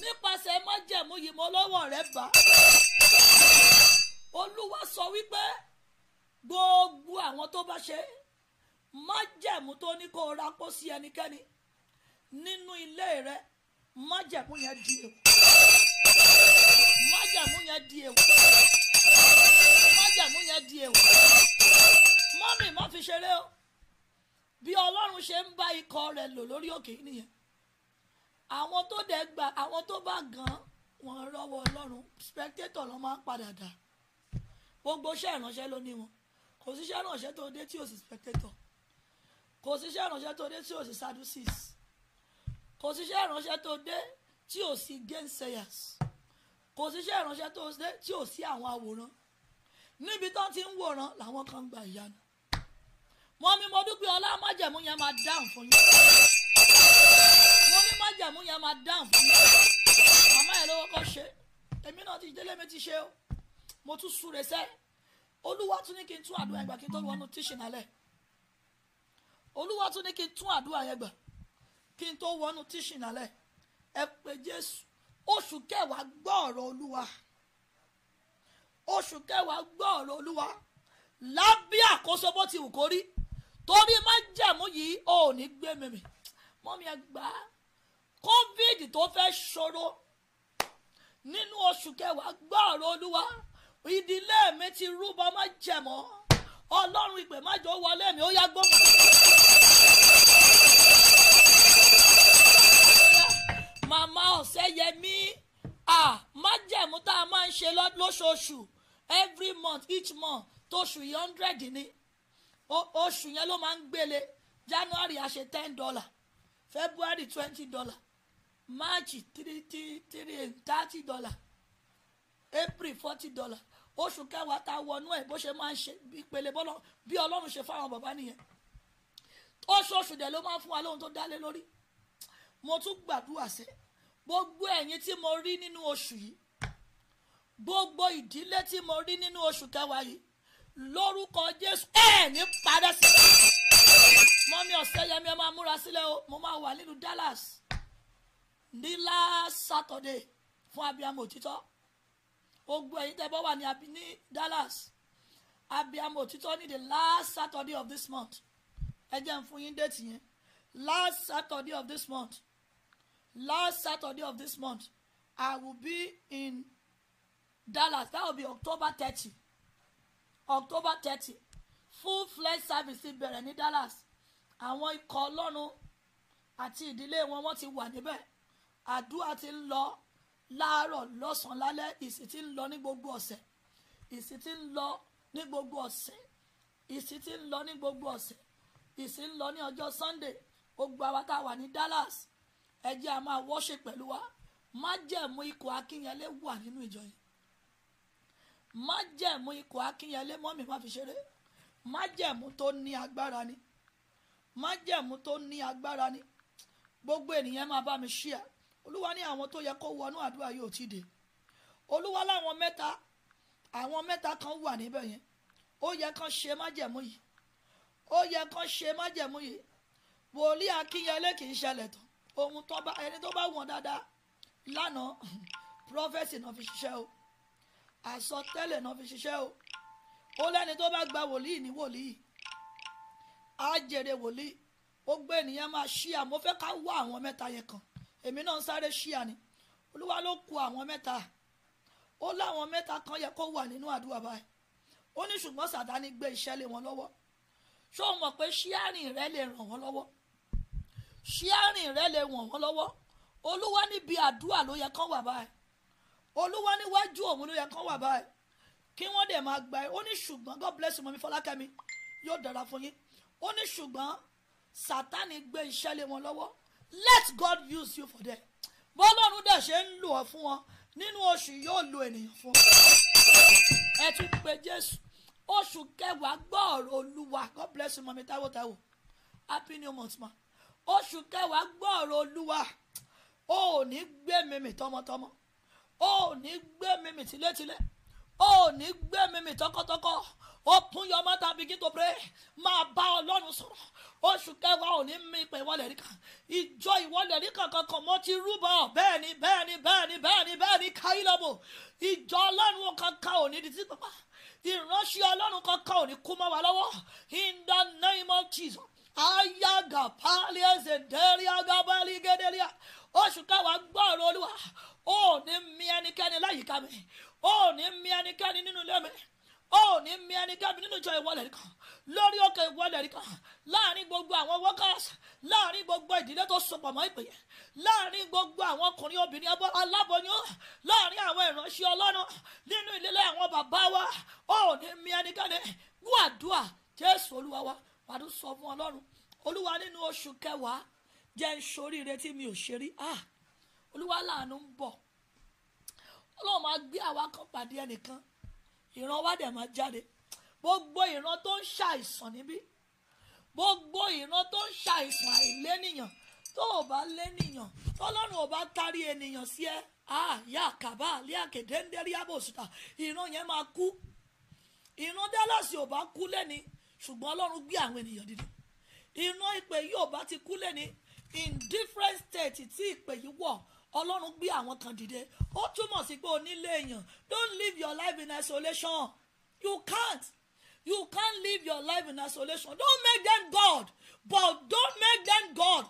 nípasẹ̀ májẹ̀mú yìí mo lọ́wọ́ rẹ bá olúwa sọ wípé gbogbo àwọn tó bá ṣe é májẹ̀mú tó ní kó ra kó sí ẹnikẹ́ni nínú ilé rẹ májẹ̀mú yẹn di èwù májẹ̀mú yẹn di èwù májẹ̀mú yẹn di èwù mọ́mì má fi ṣeré o bí ọlọ́run ṣe ń bá ikọ̀ rẹ̀ lò lórí òkè nìyẹn àwọn tó dẹ̀ gbà àwọn tó bá gan wọn rọwọ́ ọlọ́run spectator ló máa ń padà dà gbogbo iṣẹ́ ìránṣẹ́ ló ní wọn kò síṣẹ́ ìránṣẹ́ tó dé tí ò sí spectator kò síṣẹ́ ìránṣẹ́ tó dé tí ò sí sadducees kò síṣẹ́ ìránṣẹ́ tó dé tí ò sí gainsayers kò síṣẹ́ ìránṣẹ́ tó dé tí ò sí àwọn àwòrán níbi tó ti ń wòran làwọn kan gba ìyanu mo mi mo dúpẹ́ ọlá májẹ̀mú yẹn máa dáhùn fún yín mo ní májẹ̀mú yẹn máa dáhùn fún yín màmá ẹ̀ lówó kọ́ ṣe èmi náà ti délé mi ti ṣe o mo tún súre sẹ́ olúwa tún ní kí n tún àdúrà ìgbà kí n tó wọnú tíṣì nálẹ̀ olúwa tún ní kí n tún àdúrà yẹn gbà kí n tó wọnú tíṣìn nálẹ̀ ẹ pé jésù oṣù kẹwàá gbọ́ ọ̀rọ̀ olúwa oṣù kẹwàá gbọ́ ọ̀rọ̀ olúwa lábẹ́ àkóso bó ti wù kó rí torí má jẹ̀mú yìí ò ní gbé mèmì mọ́mí ẹ covid tó fẹ́ ṣòro nínú oṣù kẹwàá gbọ́ ọ̀rọ̀ olúwa ìdílé mi ti rúbọ má jẹ̀mọ́ ọlọ́run ìpè má jọ wọlé mi ó yá gbọ́. ọ̀sẹ̀yẹmí májẹ̀mú tá a máa ń ṣe lóṣooṣù every month each month tóṣù yìí hundred ni oṣù yẹn ló máa ń gbélé january a ṣe ten dollar february twenty dollar march three three three thirty dollar april forty dollar oṣù kẹwàá tá a wọnú ẹ bó ṣe máa ń ṣe ìpele bọ́lọ́ bí ọlọ́run ṣe fáwọn bàbá nìyẹn oṣooṣù dẹ̀ ló máa ń fún wa lóhun tó dálé lórí mo tún gbàdúrà sí gbogbo ẹ̀yin tí mo rí nínú oṣù yìí gbogbo ìdílé tí mo rí nínú oṣù kẹwàá yìí lórúkọ jésù ẹ̀ẹ̀ni parẹ́ sílẹ̀ mọ́mí ọ̀sẹ̀yẹmí ẹ máa múra sílẹ̀ o mo máa wà nínú Dallas ní last Saturday fún abiyamọ òtítọ́ ogun ẹ̀yin tẹ́ bọ́ wà ní Dallas abiyamọ òtítọ́ ní the last Saturday of this month ẹ jẹ́ n fún yín déètì yẹn last Saturday of this month last Saturday of this month, I will be in Dallas. That will be October thirty. October thirty, Full flesh service ti bẹ̀rẹ̀ ní Dallas. Àwọn ikọ̀ ọlọ́run àti ìdílé wọn wọ́n ti wà níbẹ̀. Àdúrà ti ń lọ láàárọ̀ lọ́sàn-án lálẹ́. Ìsìn ti ń lọ ní gbogbo ọ̀sẹ̀. Ìsìn ti ń lọ ní gbogbo ọ̀sẹ̀. Ìsìn ti ń lọ ní gbogbo ọ̀sẹ̀. Ìsìn ń lọ ní ọjọ́ Sunday. Gbogbo àwa tá a wà ní Dallas ẹ jẹ́ a máa worship pẹ̀lú wa májẹ̀mú ikọ̀ akínyẹlé wà nínú ìjọ yìí májẹ̀mú ikọ̀ akínyẹlé mọ́mì má fi ṣeré májẹ̀mú tó ní agbára ni májẹ̀mú tó ní agbára ni gbogbo ènìyàn máa bá mi ṣíà olúwa ní àwọn tó yẹ kó wọnú àdúrà yóò ti dé olúwa láwọn mẹ́ta àwọn mẹ́ta kan wà níbẹ̀ yẹn ó yẹ kán ṣe májẹ̀mú yìí ó yẹ kán ṣe májẹ̀mú yìí wòlíì akínyẹlé kì í ṣẹlẹ̀ tán ohun tó bá ẹni tó bá wọ̀n dáadáa lánàá prọfẹsì náà fi ṣiṣẹ́ o àsọtẹ́lẹ̀ náà fi ṣiṣẹ́ o ó lẹ́ni tó bá gba wòlíì ní wòlíì á jèrè wòlíì ó gbé ènìyàn máa ṣíà mo fẹ́ ká wá àwọn mẹ́ta yẹn kan èmi náà ń sáré ṣíà ni olúwa ló kù àwọn mẹ́ta ó láwọn mẹ́ta kan yẹ kó wà nínú àdúrà báyìí ó ní ṣùgbọ́n sàtánì gbé iṣẹ́ lé wọn lọ́wọ́ ṣó o mọ̀ pé ṣíàrìn rẹ lè ràn wọ́n lọ́wọ́ ṣíárìn rẹ lè wọ̀n wọ́n lọ́wọ́ olúwa níbi àdúrà ló yẹ kán wà báyìí olúwa níwájú òun ló yẹ kán wà báyìí kí wọ́n dẹ̀ máa gba ẹ ó ní ṣùgbọ́n god bless you mọ̀mí fọlákẹ́mi yóò dára fún yín ó ní ṣùgbọ́n sátánì gbé iṣẹ́ lé wọn lọ́wọ́ let god use you for them bọ́lọ́run dẹ̀ ṣe ń lò ọ́ fún wọn nínú oṣù yóò lo ènìyàn fún ọ ẹ tún pe jésù oṣù kẹwàá gbọ́ ọ̀rọ̀ olúwa god bless you mọ̀mí táwọ̀ táwọ̀ happy new month ma oṣù kẹwàá gbọ́ọ̀rọ̀ olúwa o ò ní gbé mímì tọmọtọmọ o ò ní gbé mímì tilétilé o ò ní gbé mímì tọkọtọkọ open your mouth and begin to pray máa bá ọlọ́run sọ̀rọ̀ oṣù kẹwàá ò ní mí pé ìwọlẹ̀ rí kan ìjọ ìwọlẹ̀ rí kankan kan mọ́ ti rúbọ bẹ́ẹ̀ ni bẹ́ẹ̀ ni bẹ́ẹ̀ ni bẹ́ẹ̀ ni bẹ́ẹ̀ ni káyí lọ́bọ̀ ìjọ ọlọ́run kankan ò ní di sí pápá ìránṣẹ́ ọlọ́run kankan ò ní kú mọ́ wa lọ́wọ́ in the name of Jesus ayaga paliẹsẹ dẹrẹ agabali gẹdẹrẹ oṣù káwa gbọ́ọ̀rọ̀ olúwa ó ní mi ẹnikẹ́ni láyìíká mi ó ní mi ẹnikẹ́ni nínú ilé mi ó ní mi ẹnikẹ́ni nínú ìjọ ìwọlẹ̀ nìkan lórí òkè ìwọlẹ̀ nìkan láàrin gbogbo àwọn workers láàrin gbogbo ìdílé tó sopọ̀ mọ́ ìpè yẹn láàrin gbogbo àwọn ọkùnrin obìnrin aláboyún láàrin àwọn ìránṣẹ́ ọlọ́nà nínú ìdílé àwọn bàbá wa ó ní mi ẹnikẹ́ni gbọ́ jésù olúwa wa wàá tún sọ fún ọlọ́run olúwa nínú oṣù kẹwàá jẹ́ ń ṣoríire tí mi ò ṣe rí ah olúwa láàánú ń bọ̀ ọlọ́run máa gbé àwa kan pàdé ẹnìkan ìran wa dẹ̀ máa jáde gbogbo ìran tó ń ṣàìsàn níbí gbogbo ìran tó ń ṣàìsàn àìlénìyàn tó ò bá lénìyàn tọ́lọ́run ò bá tarí ènìyàn sí ẹ àyà ah, kàbá àlẹ́ àkèdéńdérí àbòsùtà ìran yẹn máa kú ìran dálàsì ò bá kú lẹ́ni ṣùgbọ́n ọlọ́run gbé àwọn ènìyàn dìde iná ìpè yóò bá ti kú lẹ́ni in different state tí ìpè yìí wọ̀ ọlọ́run gbé àwọn kan dìde ó túmọ̀ sí pé onílé èèyàn don't live your life in isolation you can't you can't live your life in isolation don't make them God but don't make them God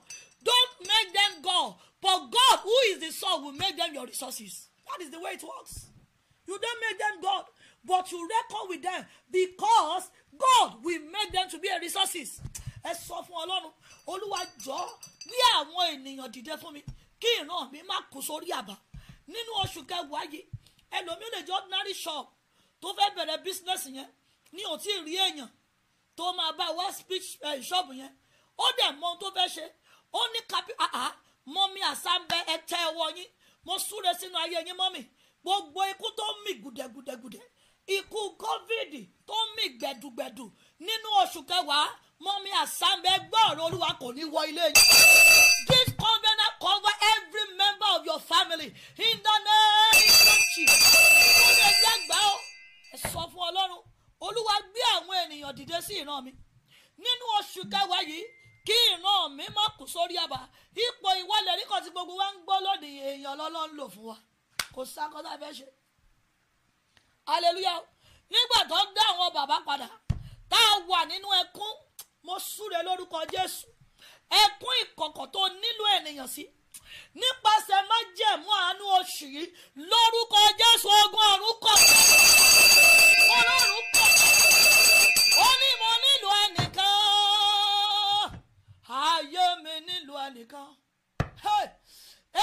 don't make them God but God who is the source will make them your resources that is the way it works you don't make them God but you reckon with them because God will make them to be resources. Ẹ sọ fún Ọlọ́run, Olúwa jọ bí àwọn ènìyàn dìde fún mi kí ìran mi má kó sórí àbá. Nínú oṣù kẹwàá yìí, ẹlòmíì lè jẹ́ ordinary shop tó fẹ́ bẹ̀rẹ̀ business yẹn ní ò tí ì rí èèyàn tó máa bá wá speech eh, shop yẹn. Ó dẹ̀ mọ ohun tó fẹ́ ṣe. Ó ní kápí àhá ah, ah, mọ́mí àsámbẹ́ ẹ tẹ́ ẹwọ́ yín. Mo súre sínú ayé yín mọ́mí. Gbogbo ikú tó ń mì gùdẹ̀gùdẹ̀gùdẹ̀ ikú covid tó ń mì gbẹ̀dùgbẹ̀dù nínú oṣù kẹwàá mọ́mí àsámbẹ́ gbọ́ọ̀rọ̀ olúwa kò ní wọ ilé yìí. this covenant cover every member of your family in the name of jesus. ó lè jẹ́ gbà ó ẹ sọ fún ọlọ́run olúwa gbé àwọn ènìyàn dìde sí ìran mi nínú oṣù kẹwàá yìí kí ìran mi má kú sórí àbá ipò ìwọlẹ̀ ní tí gbogbo wa ń gbọ́ lónìí èèyàn lọ́lọ́ ń lò fún wa kò sákọ́ tá fẹ́ ṣe hallelujah nígbà tó dá àwọn bàbá padà tá a wà nínú ẹkún mo súre lórúkọ jésù ẹkún ìkọ̀kọ̀ tó nílò ènìyàn sí nípasẹ̀ májẹ̀mú àánú oṣù yìí lórúkọ jésù ogun ọ̀run kọ̀ ọlọ́run kọ̀ ó mo nílò ẹnìkan ayé mi nílò ẹnìkan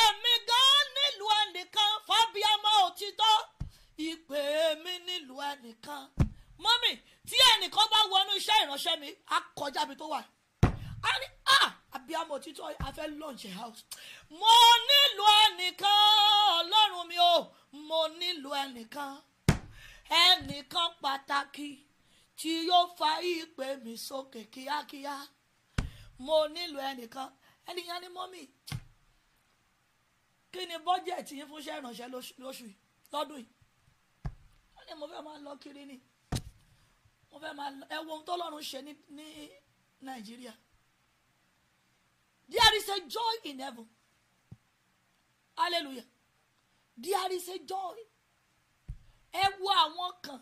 èmi gan nílò ẹnìkan fábíàmọ́ òtítọ́ ìpè mi nílùú ẹnìkan mọ́mì tí ẹnìkan bá wọnú iṣẹ́ ìránṣẹ́ mi á kọjá mi tó wà á ní à abiyamọ títọ́ afẹ́ launch house mo nílùú ẹnìkan ọlọ́run mi o mo nílùú ẹnìkan ẹnìkan pàtàkì tí yóò fa ìpè mi sókè kíákíá mo nílùú ẹnìkan ẹnìyàn ni mọ́mì kí ni bọ́jẹ̀tì yín fún iṣẹ́ ìránṣẹ́ lóṣù lọ́dún yìí ní mo fẹ́ máa lọ kiri ni mo fẹ́ máa ẹ wo ohun tọ́lọ́run ṣe ní ní nàìjíríà there is a joy in heaven hallelujah there is a joy ẹ wo àwọn kan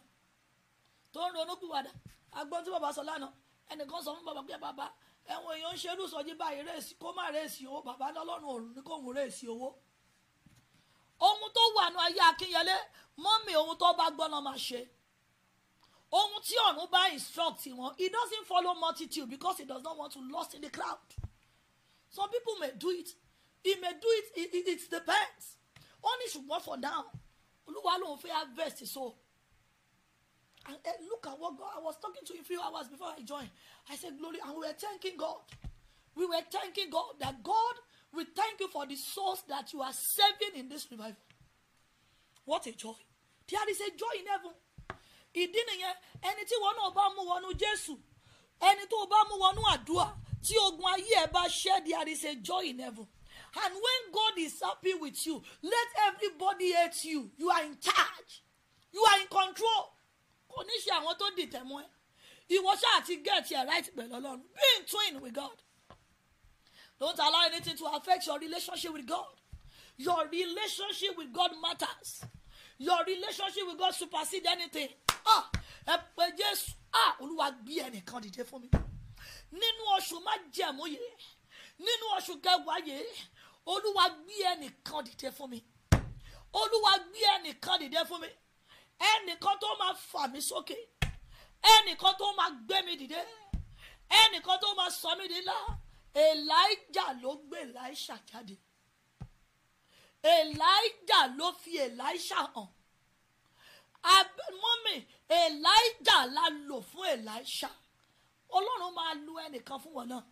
tó ń ronú pìwàdà agbọ́n tí bàbá sọ lánàá ẹnìkan sọ fún bàbá pé bàbá ẹ̀wọ̀n èèyàn ń ṣerú sọjí báyìí rèsì kó má rèsì owó bàbá lọ́lọ́run òrùn ní kò ń rèsì owó ohun tó wà nù ayé akínyẹlé mọ́mì ohun tó bá gbọ́ náà máa ṣe ohun tí ọ̀run bá instruct wọn he doesn't follow multitude because he does not want to lost in the crowd some people may do it he may do it it, it, it depends only ṣùgbọ́n for now olúwa lòun fẹ́ harvest so and, and eh, look at what God I was talking to a few hours before I joined I said glory and we were thanking God we were thanking God that God we thank you for the source that you are saving in this revival what a joy there is a joy in heaven ìdí nìyẹn ẹni tí wọn náà bá mú wọnú jésù ẹni tó bá mú wọnú àdúrà tí ogun ayé ẹ bá ṣẹ́ there is a joy in heaven and when God is happy with you let everybody hate you you are in charge you are in control kò ní ṣe àwọn tó dìtẹ̀ mọ́ ẹ ìwọ ṣáà get your right pẹ̀lú ọlọ́run be in tune with God don't allow anything to affect your relationship with God Your relationship with God matters. Your relationship with God supersede anything. Ah, ẹ pé Jésù. Ah, Olúwa gbé ẹnìkan dìde fún mi. Nínú oṣù má jẹ̀mú yìí. Nínú oṣù kẹwàá yìí. Olúwa gbé ẹnìkan dìde fún mi. Olúwa gbé ẹnìkan dìde fún mi. Ẹnìkan tó máa fà mí sókè. Ẹnìkan tó máa gbé mi dìde. Ẹnìkan tó máa sọ mí dìde lá. Èlàíjà ló gbé Èlàíṣà jáde elijah ló fi elisha hàn mọ́mì elijah la lò fún elisha ọlọ́run máa lu ẹnìkan fún wọn náà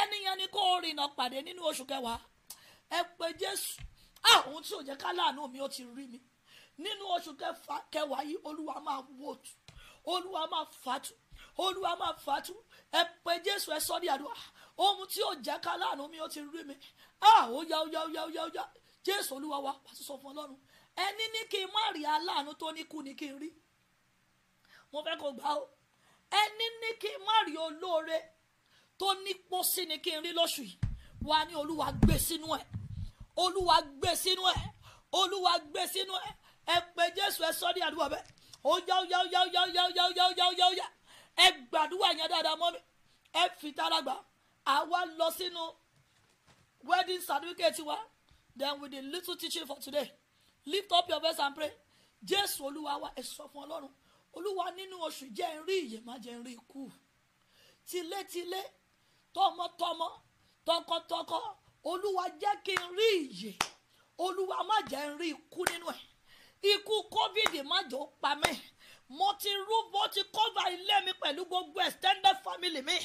ẹni yẹn ni kó rìnà pàdé nínú oṣù kẹwàá ẹ pé jésù àwọn tí ò jẹ́ ká láàánú mi ó ti rí mi nínú oṣù kẹwàá yìí olúwa máa wò tù olúwa máa fàtú olúwa máa fàtú ẹ pé jésù ẹ sọ ní àdúrà ohun tí ò jẹ́ ká láàánú mi ó ti rí mi ó yá ó yá ó jésù olúwa wa wàá tún sọ fún ọlọ́run ẹni ní kí n má rí aláàánú tó ní kú ni kí n rí mo fẹ́ kó gbà ó ẹni ní kí n má rí olóore tó ní pósí ni kí n rí lóṣù yìí wà ní olúwa gbé sínú ẹ̀ olúwa gbé sínú ẹ̀ olúwa gbé sínú ẹ̀ ẹ pé jésù ẹ sọ ní àdúrà bẹ́ẹ̀ ó yá ó yá ó yá ó yá ó yá ó yá ó yá ó yá ó yá ó yá ẹ gbàdúrà yẹn dáadáa mọ́ mi ẹ fi gbà àwa lọ sínú wedding certificate wa then with the little teaching for today lift up your voice and pray jésù olúwa wa ẹ sọ fún ọlọ́run olúwa nínú oṣù jẹ́ ń rí ìyè má jẹ́ ń rí ikú tilétilé tọmọtọmọ tọkọtọkọ olúwa jẹ́ kí n rí ìyè olúwa má jẹ́ ń rí ikú nínú ẹ̀ ikú covid má jò pa mí mo ti rú mo ti kọ́ba ilé mi pẹ̀lú gbogbo extended family mi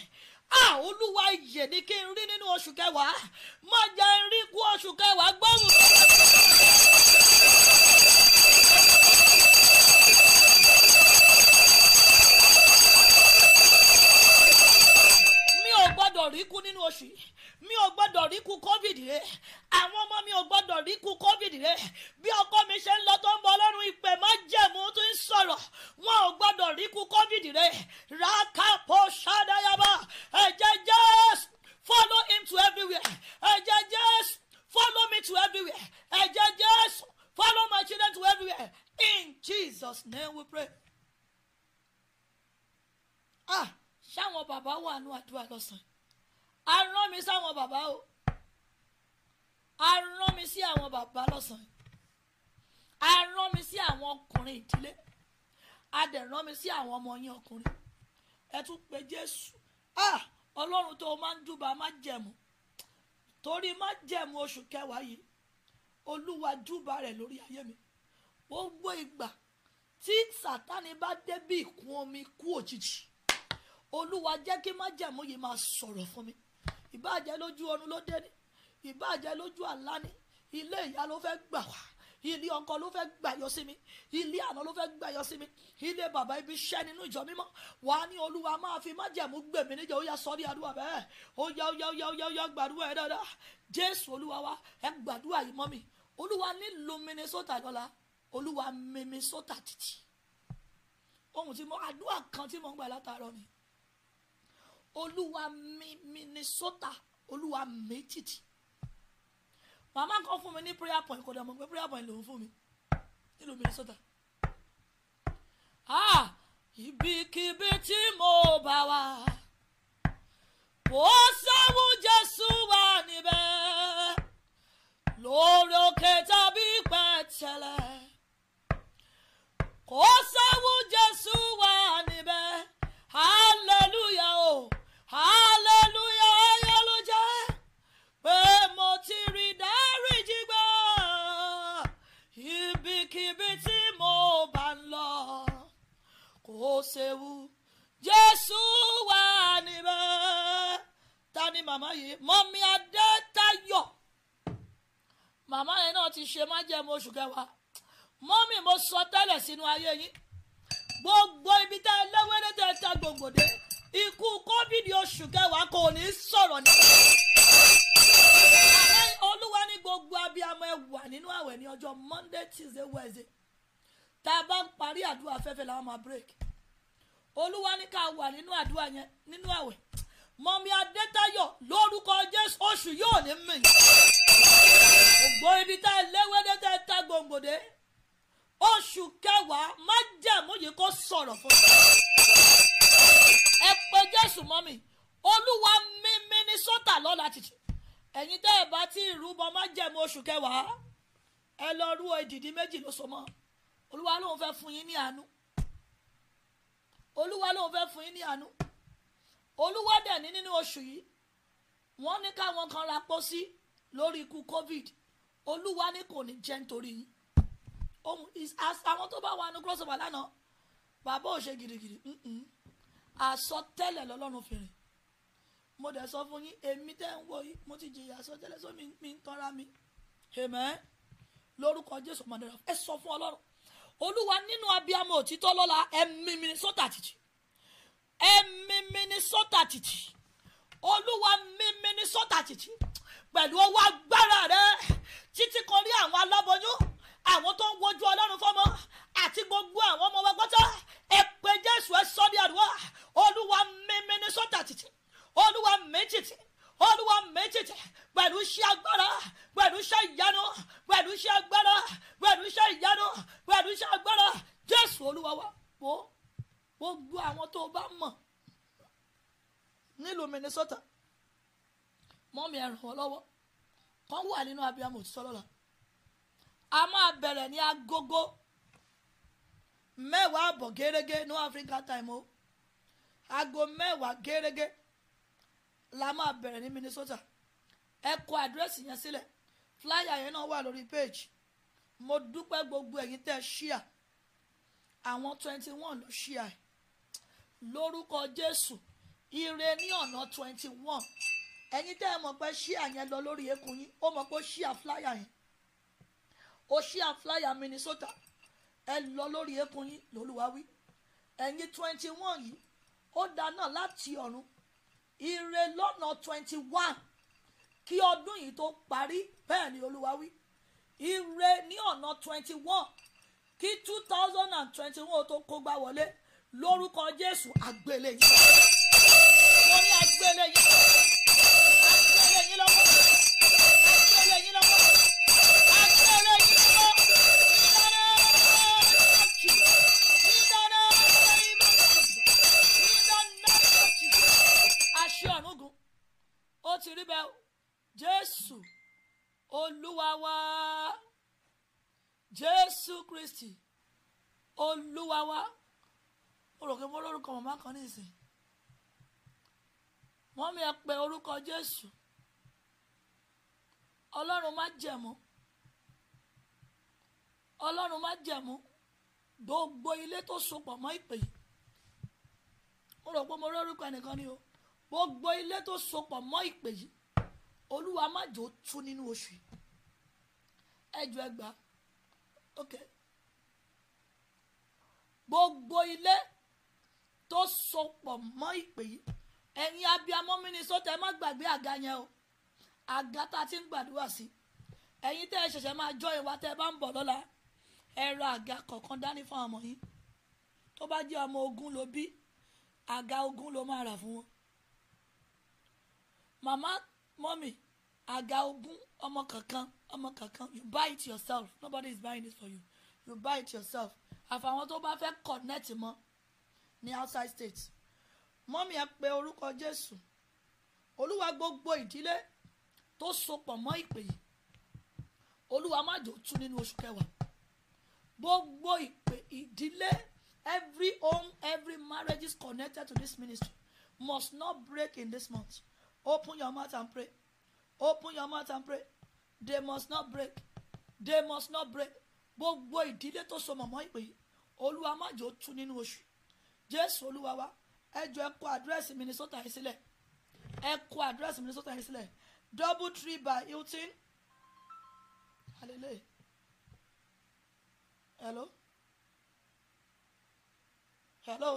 a ah, olúwa ìyè ni kí n rí nínú oṣù kẹwàá má jẹ́ rí kú oṣù kẹwàá gbọ́rùn. mi ò gbọ́dọ̀ rí kú nínú oṣù yìí mi ò gbọ́dọ̀ rí ku covid rẹ àwọn ọmọ mi ò gbọ́dọ̀ rí ku covid rẹ bí ọkọ mi ṣe ń lọ tó ń bọ ọlọ́run ìpè má jẹ̀mú tó ń sọ̀rọ̀ wọn ò gbọ́dọ̀ rí ku covid rẹ rákàpọ̀ ṣádáyàbá ẹ̀jẹ̀ jésù follow him to everywhere ẹ̀jẹ̀ jésù follow me to everywhere ẹ̀jẹ̀ jésù follow my children to everywhere in jesus name we pray. ah ṣáwọn bàbá wà nù àdúrà lọ́sàn-án a rán mi sáwọn bàbá o a rán mi sí àwọn bàbá lọ́sàn-án a rán mi sí àwọn ọkùnrin ìdílé a dẹ̀ rán mi sí àwọn ọmọ yín ọkùnrin ẹ tún pe Jésù ah Ọlọ́run tó o máa ń dùbà má jẹ̀mú torí má jẹ̀mú oṣù kẹwàá yìí Olúwa dùbà rẹ̀ lórí ayé mi gbogbo ìgbà tí Sátánì bá dé bí ìkún omi kú òjijì Olúwa jẹ́ kí má jẹ̀mú yìí máa sọ̀rọ̀ fún mi ìbàjẹ́ lójú ọ̀run ló dé ní ìbàjẹ́ lójú àlá ní ilé ìyá ló fẹ́ gbà wá ilé ọkọ ló fẹ́ gbàyọ sí mi ilé àná ló fẹ́ gbàyọ sí mi ilé bàbá ibi iṣẹ́ nínú ìjọ mímọ́ wà á ní olúwa máa fi májẹ̀mú gbèmí níjà ó yá sọ́rí àdúrà bẹ́ẹ̀ ó yá ó yá ó yá ó yá ó yá gbàdúrà ẹ̀ dáadáa jésù olúwa wa ẹ gbàdúrà yìí mọ́ mi olúwa nílùú minnesota lọ́la olúwa mímí sótà títì ohun tí mo àdúrà kan tí mo ń gbà látàárọ̀ ni olúwa mi Minnesota olúwa méjìdì màmá kan fún mi ní prayer point kódà mo pé prayer point lòun fún mi nílùú Minnesota ah ibikíbi tí mo bá wà ó sáwù Jésù wà níbẹ̀ lórí òkè tàbí pẹ̀tẹ́lẹ̀ kò sáwù Jésù wà níbẹ̀ hallelujah o. Oh hallelujah ayọ̀ ló jẹ́ pé mo ti mo bá ń lọ kò séwu jésù wà níbẹ̀ ta ni màmá yìí mọ́mí adétayọ̀ màmá yẹn náà ti ṣe májẹ̀mú oṣù kẹwàá mọ́mí mo sọ tẹ́lẹ̀ sínú ayé yín gbogbo ibi tẹ́ ẹ lẹ́wẹ́rẹ́ tẹ́ ẹ ta gbòǹgbò dé. ikú covid oṣù kẹwàá kò ní sọ̀rọ̀ ní. olúwa ní gbogbo abiyamọ ẹ wà nínú àwẹ̀ ní ọjọ monday tuesday wednesday tá a bá ń parí àdúrà fẹ́fẹ́ làwọn máa break olúwa ní ká wà nínú àdúrà yẹn nínú àwẹ̀ mọ̀mí adétayọ̀ lórúkọ jésù oṣù yóò ní mì. ògbó ibi tá ẹ léwédé tá ẹ ta gbòǹgbòdé oṣù kẹwàá má jẹ́ àmúyẹ kó sọ̀rọ̀ fún mi. ẹ pé jésù mọ́ mi olúwa mi mínísọ́tà lọ́la títí ẹ̀yin tẹ́ ẹ bá tí ì rúbọ má jẹ̀mú oṣù kẹwàá ẹ lọ rú ìdìdí méjì ló so mọ́ olúwa lóun fẹ́ fún yín ní àánú olúwa lóun fẹ́ fún yín ní àánú olúwa dẹ̀ ní nínú oṣù yìí wọ́n ní káwọn kan ra pósí lórí ikú covid olúwa ní kò ní jẹ́ nítorí yín ohun àwọn tó bá wà ní crossover lánàá bàbá ò ṣe gidigidi. Mm -mm àsọtẹ́lẹ̀ lọ́lọ́run fèrè mo dẹ̀ sọ fún yín èmi tẹ́ ń wò yìí mo ti jìyà àsọtẹ́lẹ̀ sọ mi mi ń tanra mi àmín lórúkọ jésù mọ̀nẹ́rà ẹ sọ fún ọlọ́run olúwa nínú abiyamọ òtítọ́ lọ́la ẹ̀mí mi ní sọ́tà títì ẹ̀mí mi ní sọ́tà títì olúwa mi mi ní sọ́tà títì pẹ̀lú ọwọ́ agbára rẹ títí kan rí àwọn aláboyún àwọn tó ń wojú ọlọ́run fọ́mọ àti gbogbo àwọn ọmọ wa gbọ́tọ́ ẹ pé jésù ẹ sọ ní àdúrà olúwa mímí ní sọ́tà títì olúwa mí títì olúwa mí títì pẹ̀lú iṣẹ́ agbára pẹ̀lú iṣẹ́ ìyanu pẹ̀lú iṣẹ́ agbára pẹ̀lú iṣẹ́ ìyanu pẹ̀lú iṣẹ́ agbára jésù olúwa wa wo gbogbo àwọn tó bá mọ̀ nílùú minnesota mọ́mí ẹ̀ràn wọ́n lọ́wọ́ kan wà nínú abiyamọ òtítọ́ lọ́la a máa bẹ̀rẹ̀ ní agogo mẹ́wàá àbọ̀ gẹ́gẹ́ no Africa time o aago mẹ́wàá gẹ́gẹ́ la máa bẹ̀rẹ̀ ní Minnesota ẹ kọ àdírẹ́sì yẹn sílẹ̀ flyer yẹn náà wà lórí page mo dúpẹ́ gbogbo ẹ̀yin tẹ́ ṣíà àwọn twenty one ló ṣíà ẹ̀ lórúkọ Jésù ire ní ọ̀nà twenty one ẹ̀yin tẹ́ ẹ mọ̀ pé ṣíà yẹn lọ lórí eékún yín ó mọ̀ pé ó ṣíà flyer yẹn ocean flyer Minnesota ẹ lọ lórí eékún yín lólúwa wí ẹ̀yin twenty one yìí ó dáná láti ọ̀run ire lọ́nà twenty one kí ọdún yìí tó parí bẹ́ẹ̀ ni olúwa wí ire ní ọ̀nà twenty one kí two thousand and twenty one tó kó gbá wọlé lórúkọ Jésù àgbélé yìí mo ní yìí. olúwa wa jésù kristi olúwa wa mo rò pé mo lórúkọ màmá kan nísìn mọ́mí ẹ pè orúkọ jésù ọlọ́run má jẹ̀mú ọlọ́run má jẹ̀mú gbogbo ilé tó sopọ̀ mọ́ ìpè mo rò pé mo lórúkọ ẹnìkan ni o gbogbo ilé tó sopọ̀ mọ́ ìpè yìí olúwa má jò tú nínú oṣù ẹjọ ẹgbà ok gbogbo ilé tó sopọ̀ mọ́ ìpè yìí ẹ̀yin abiyamọ Minnesota ẹ má gbàgbé àga yẹn o àga tá a ti ń gbàdúrà sí ẹ̀yin tẹ́ ẹ ṣẹ̀ṣẹ̀ máa jọ ìwà tẹ́ ẹ bá ń bọ̀ lọ́la ẹ àga kọ̀ọ̀kan dání fún ọmọ yín tó bá jẹ́ ọmọ ogun ló bí àga ogun ló máa rà fún wọn màmá mọ́mì àga ogún ọmọ kankan ọmọ kankan you buy it yourself nobody is buying it for you you buy it yourself àfàwọn tó bá fẹ́ connect mọ́ ní outside state mọ́mí ẹ pé orúkọ Jésù olúwa gbogbo ìdílé tó sopọ̀ mọ́ ìpè yìí olúwa má jò tú nínú oṣù kẹwàá gbogbo ìpè ìdílé every home every marriage is connected to this ministry must not break in this month open your mouth and pray open your mouth and pray they must not break they must not break gbogbo ìdílé tó so mọ̀mọ́ ìpè olúwa má jò tú nínú oṣù jésù olúwa wa ẹ jọ ẹ àdírẹ́sì Minnesota yìí sílẹ̀ ẹ àdírẹ́sì Minnesota yìí sílẹ̀ double tree by Hilton hallelujah hello hello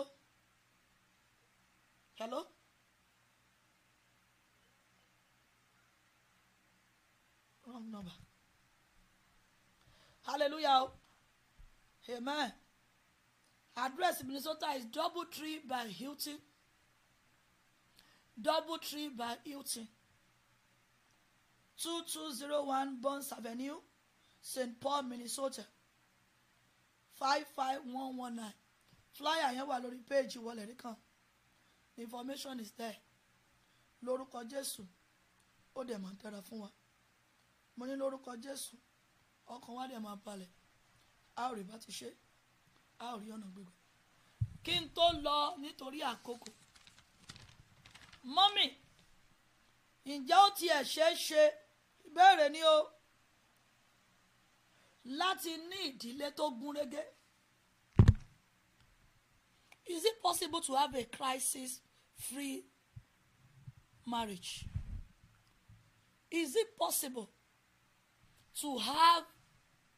hello. wrong number hallelujah o amen address minnesota is double tree by hilton double tree by hilton two two zero one bonds avenue st paul minnesota five five one one nine flyer yẹn wà lórí péèjì wọlé nìkan the information is there lórúkọ jésù ó dẹ̀ máa ń tẹ́ra fún wa mo ní lórúkọ jésù ọkàn wa dẹ̀ máa balẹ̀ a ò rí bá ti ṣe a ò rí ọ̀nà gbígbà kí n tó lọ nítorí àkókò mọ́mì ǹjẹ́ ó tiẹ̀ ṣeé ṣe ìbéèrè ni o láti ní ìdílé tó gún régé is it possible to have a crisis free marriage is it possible to have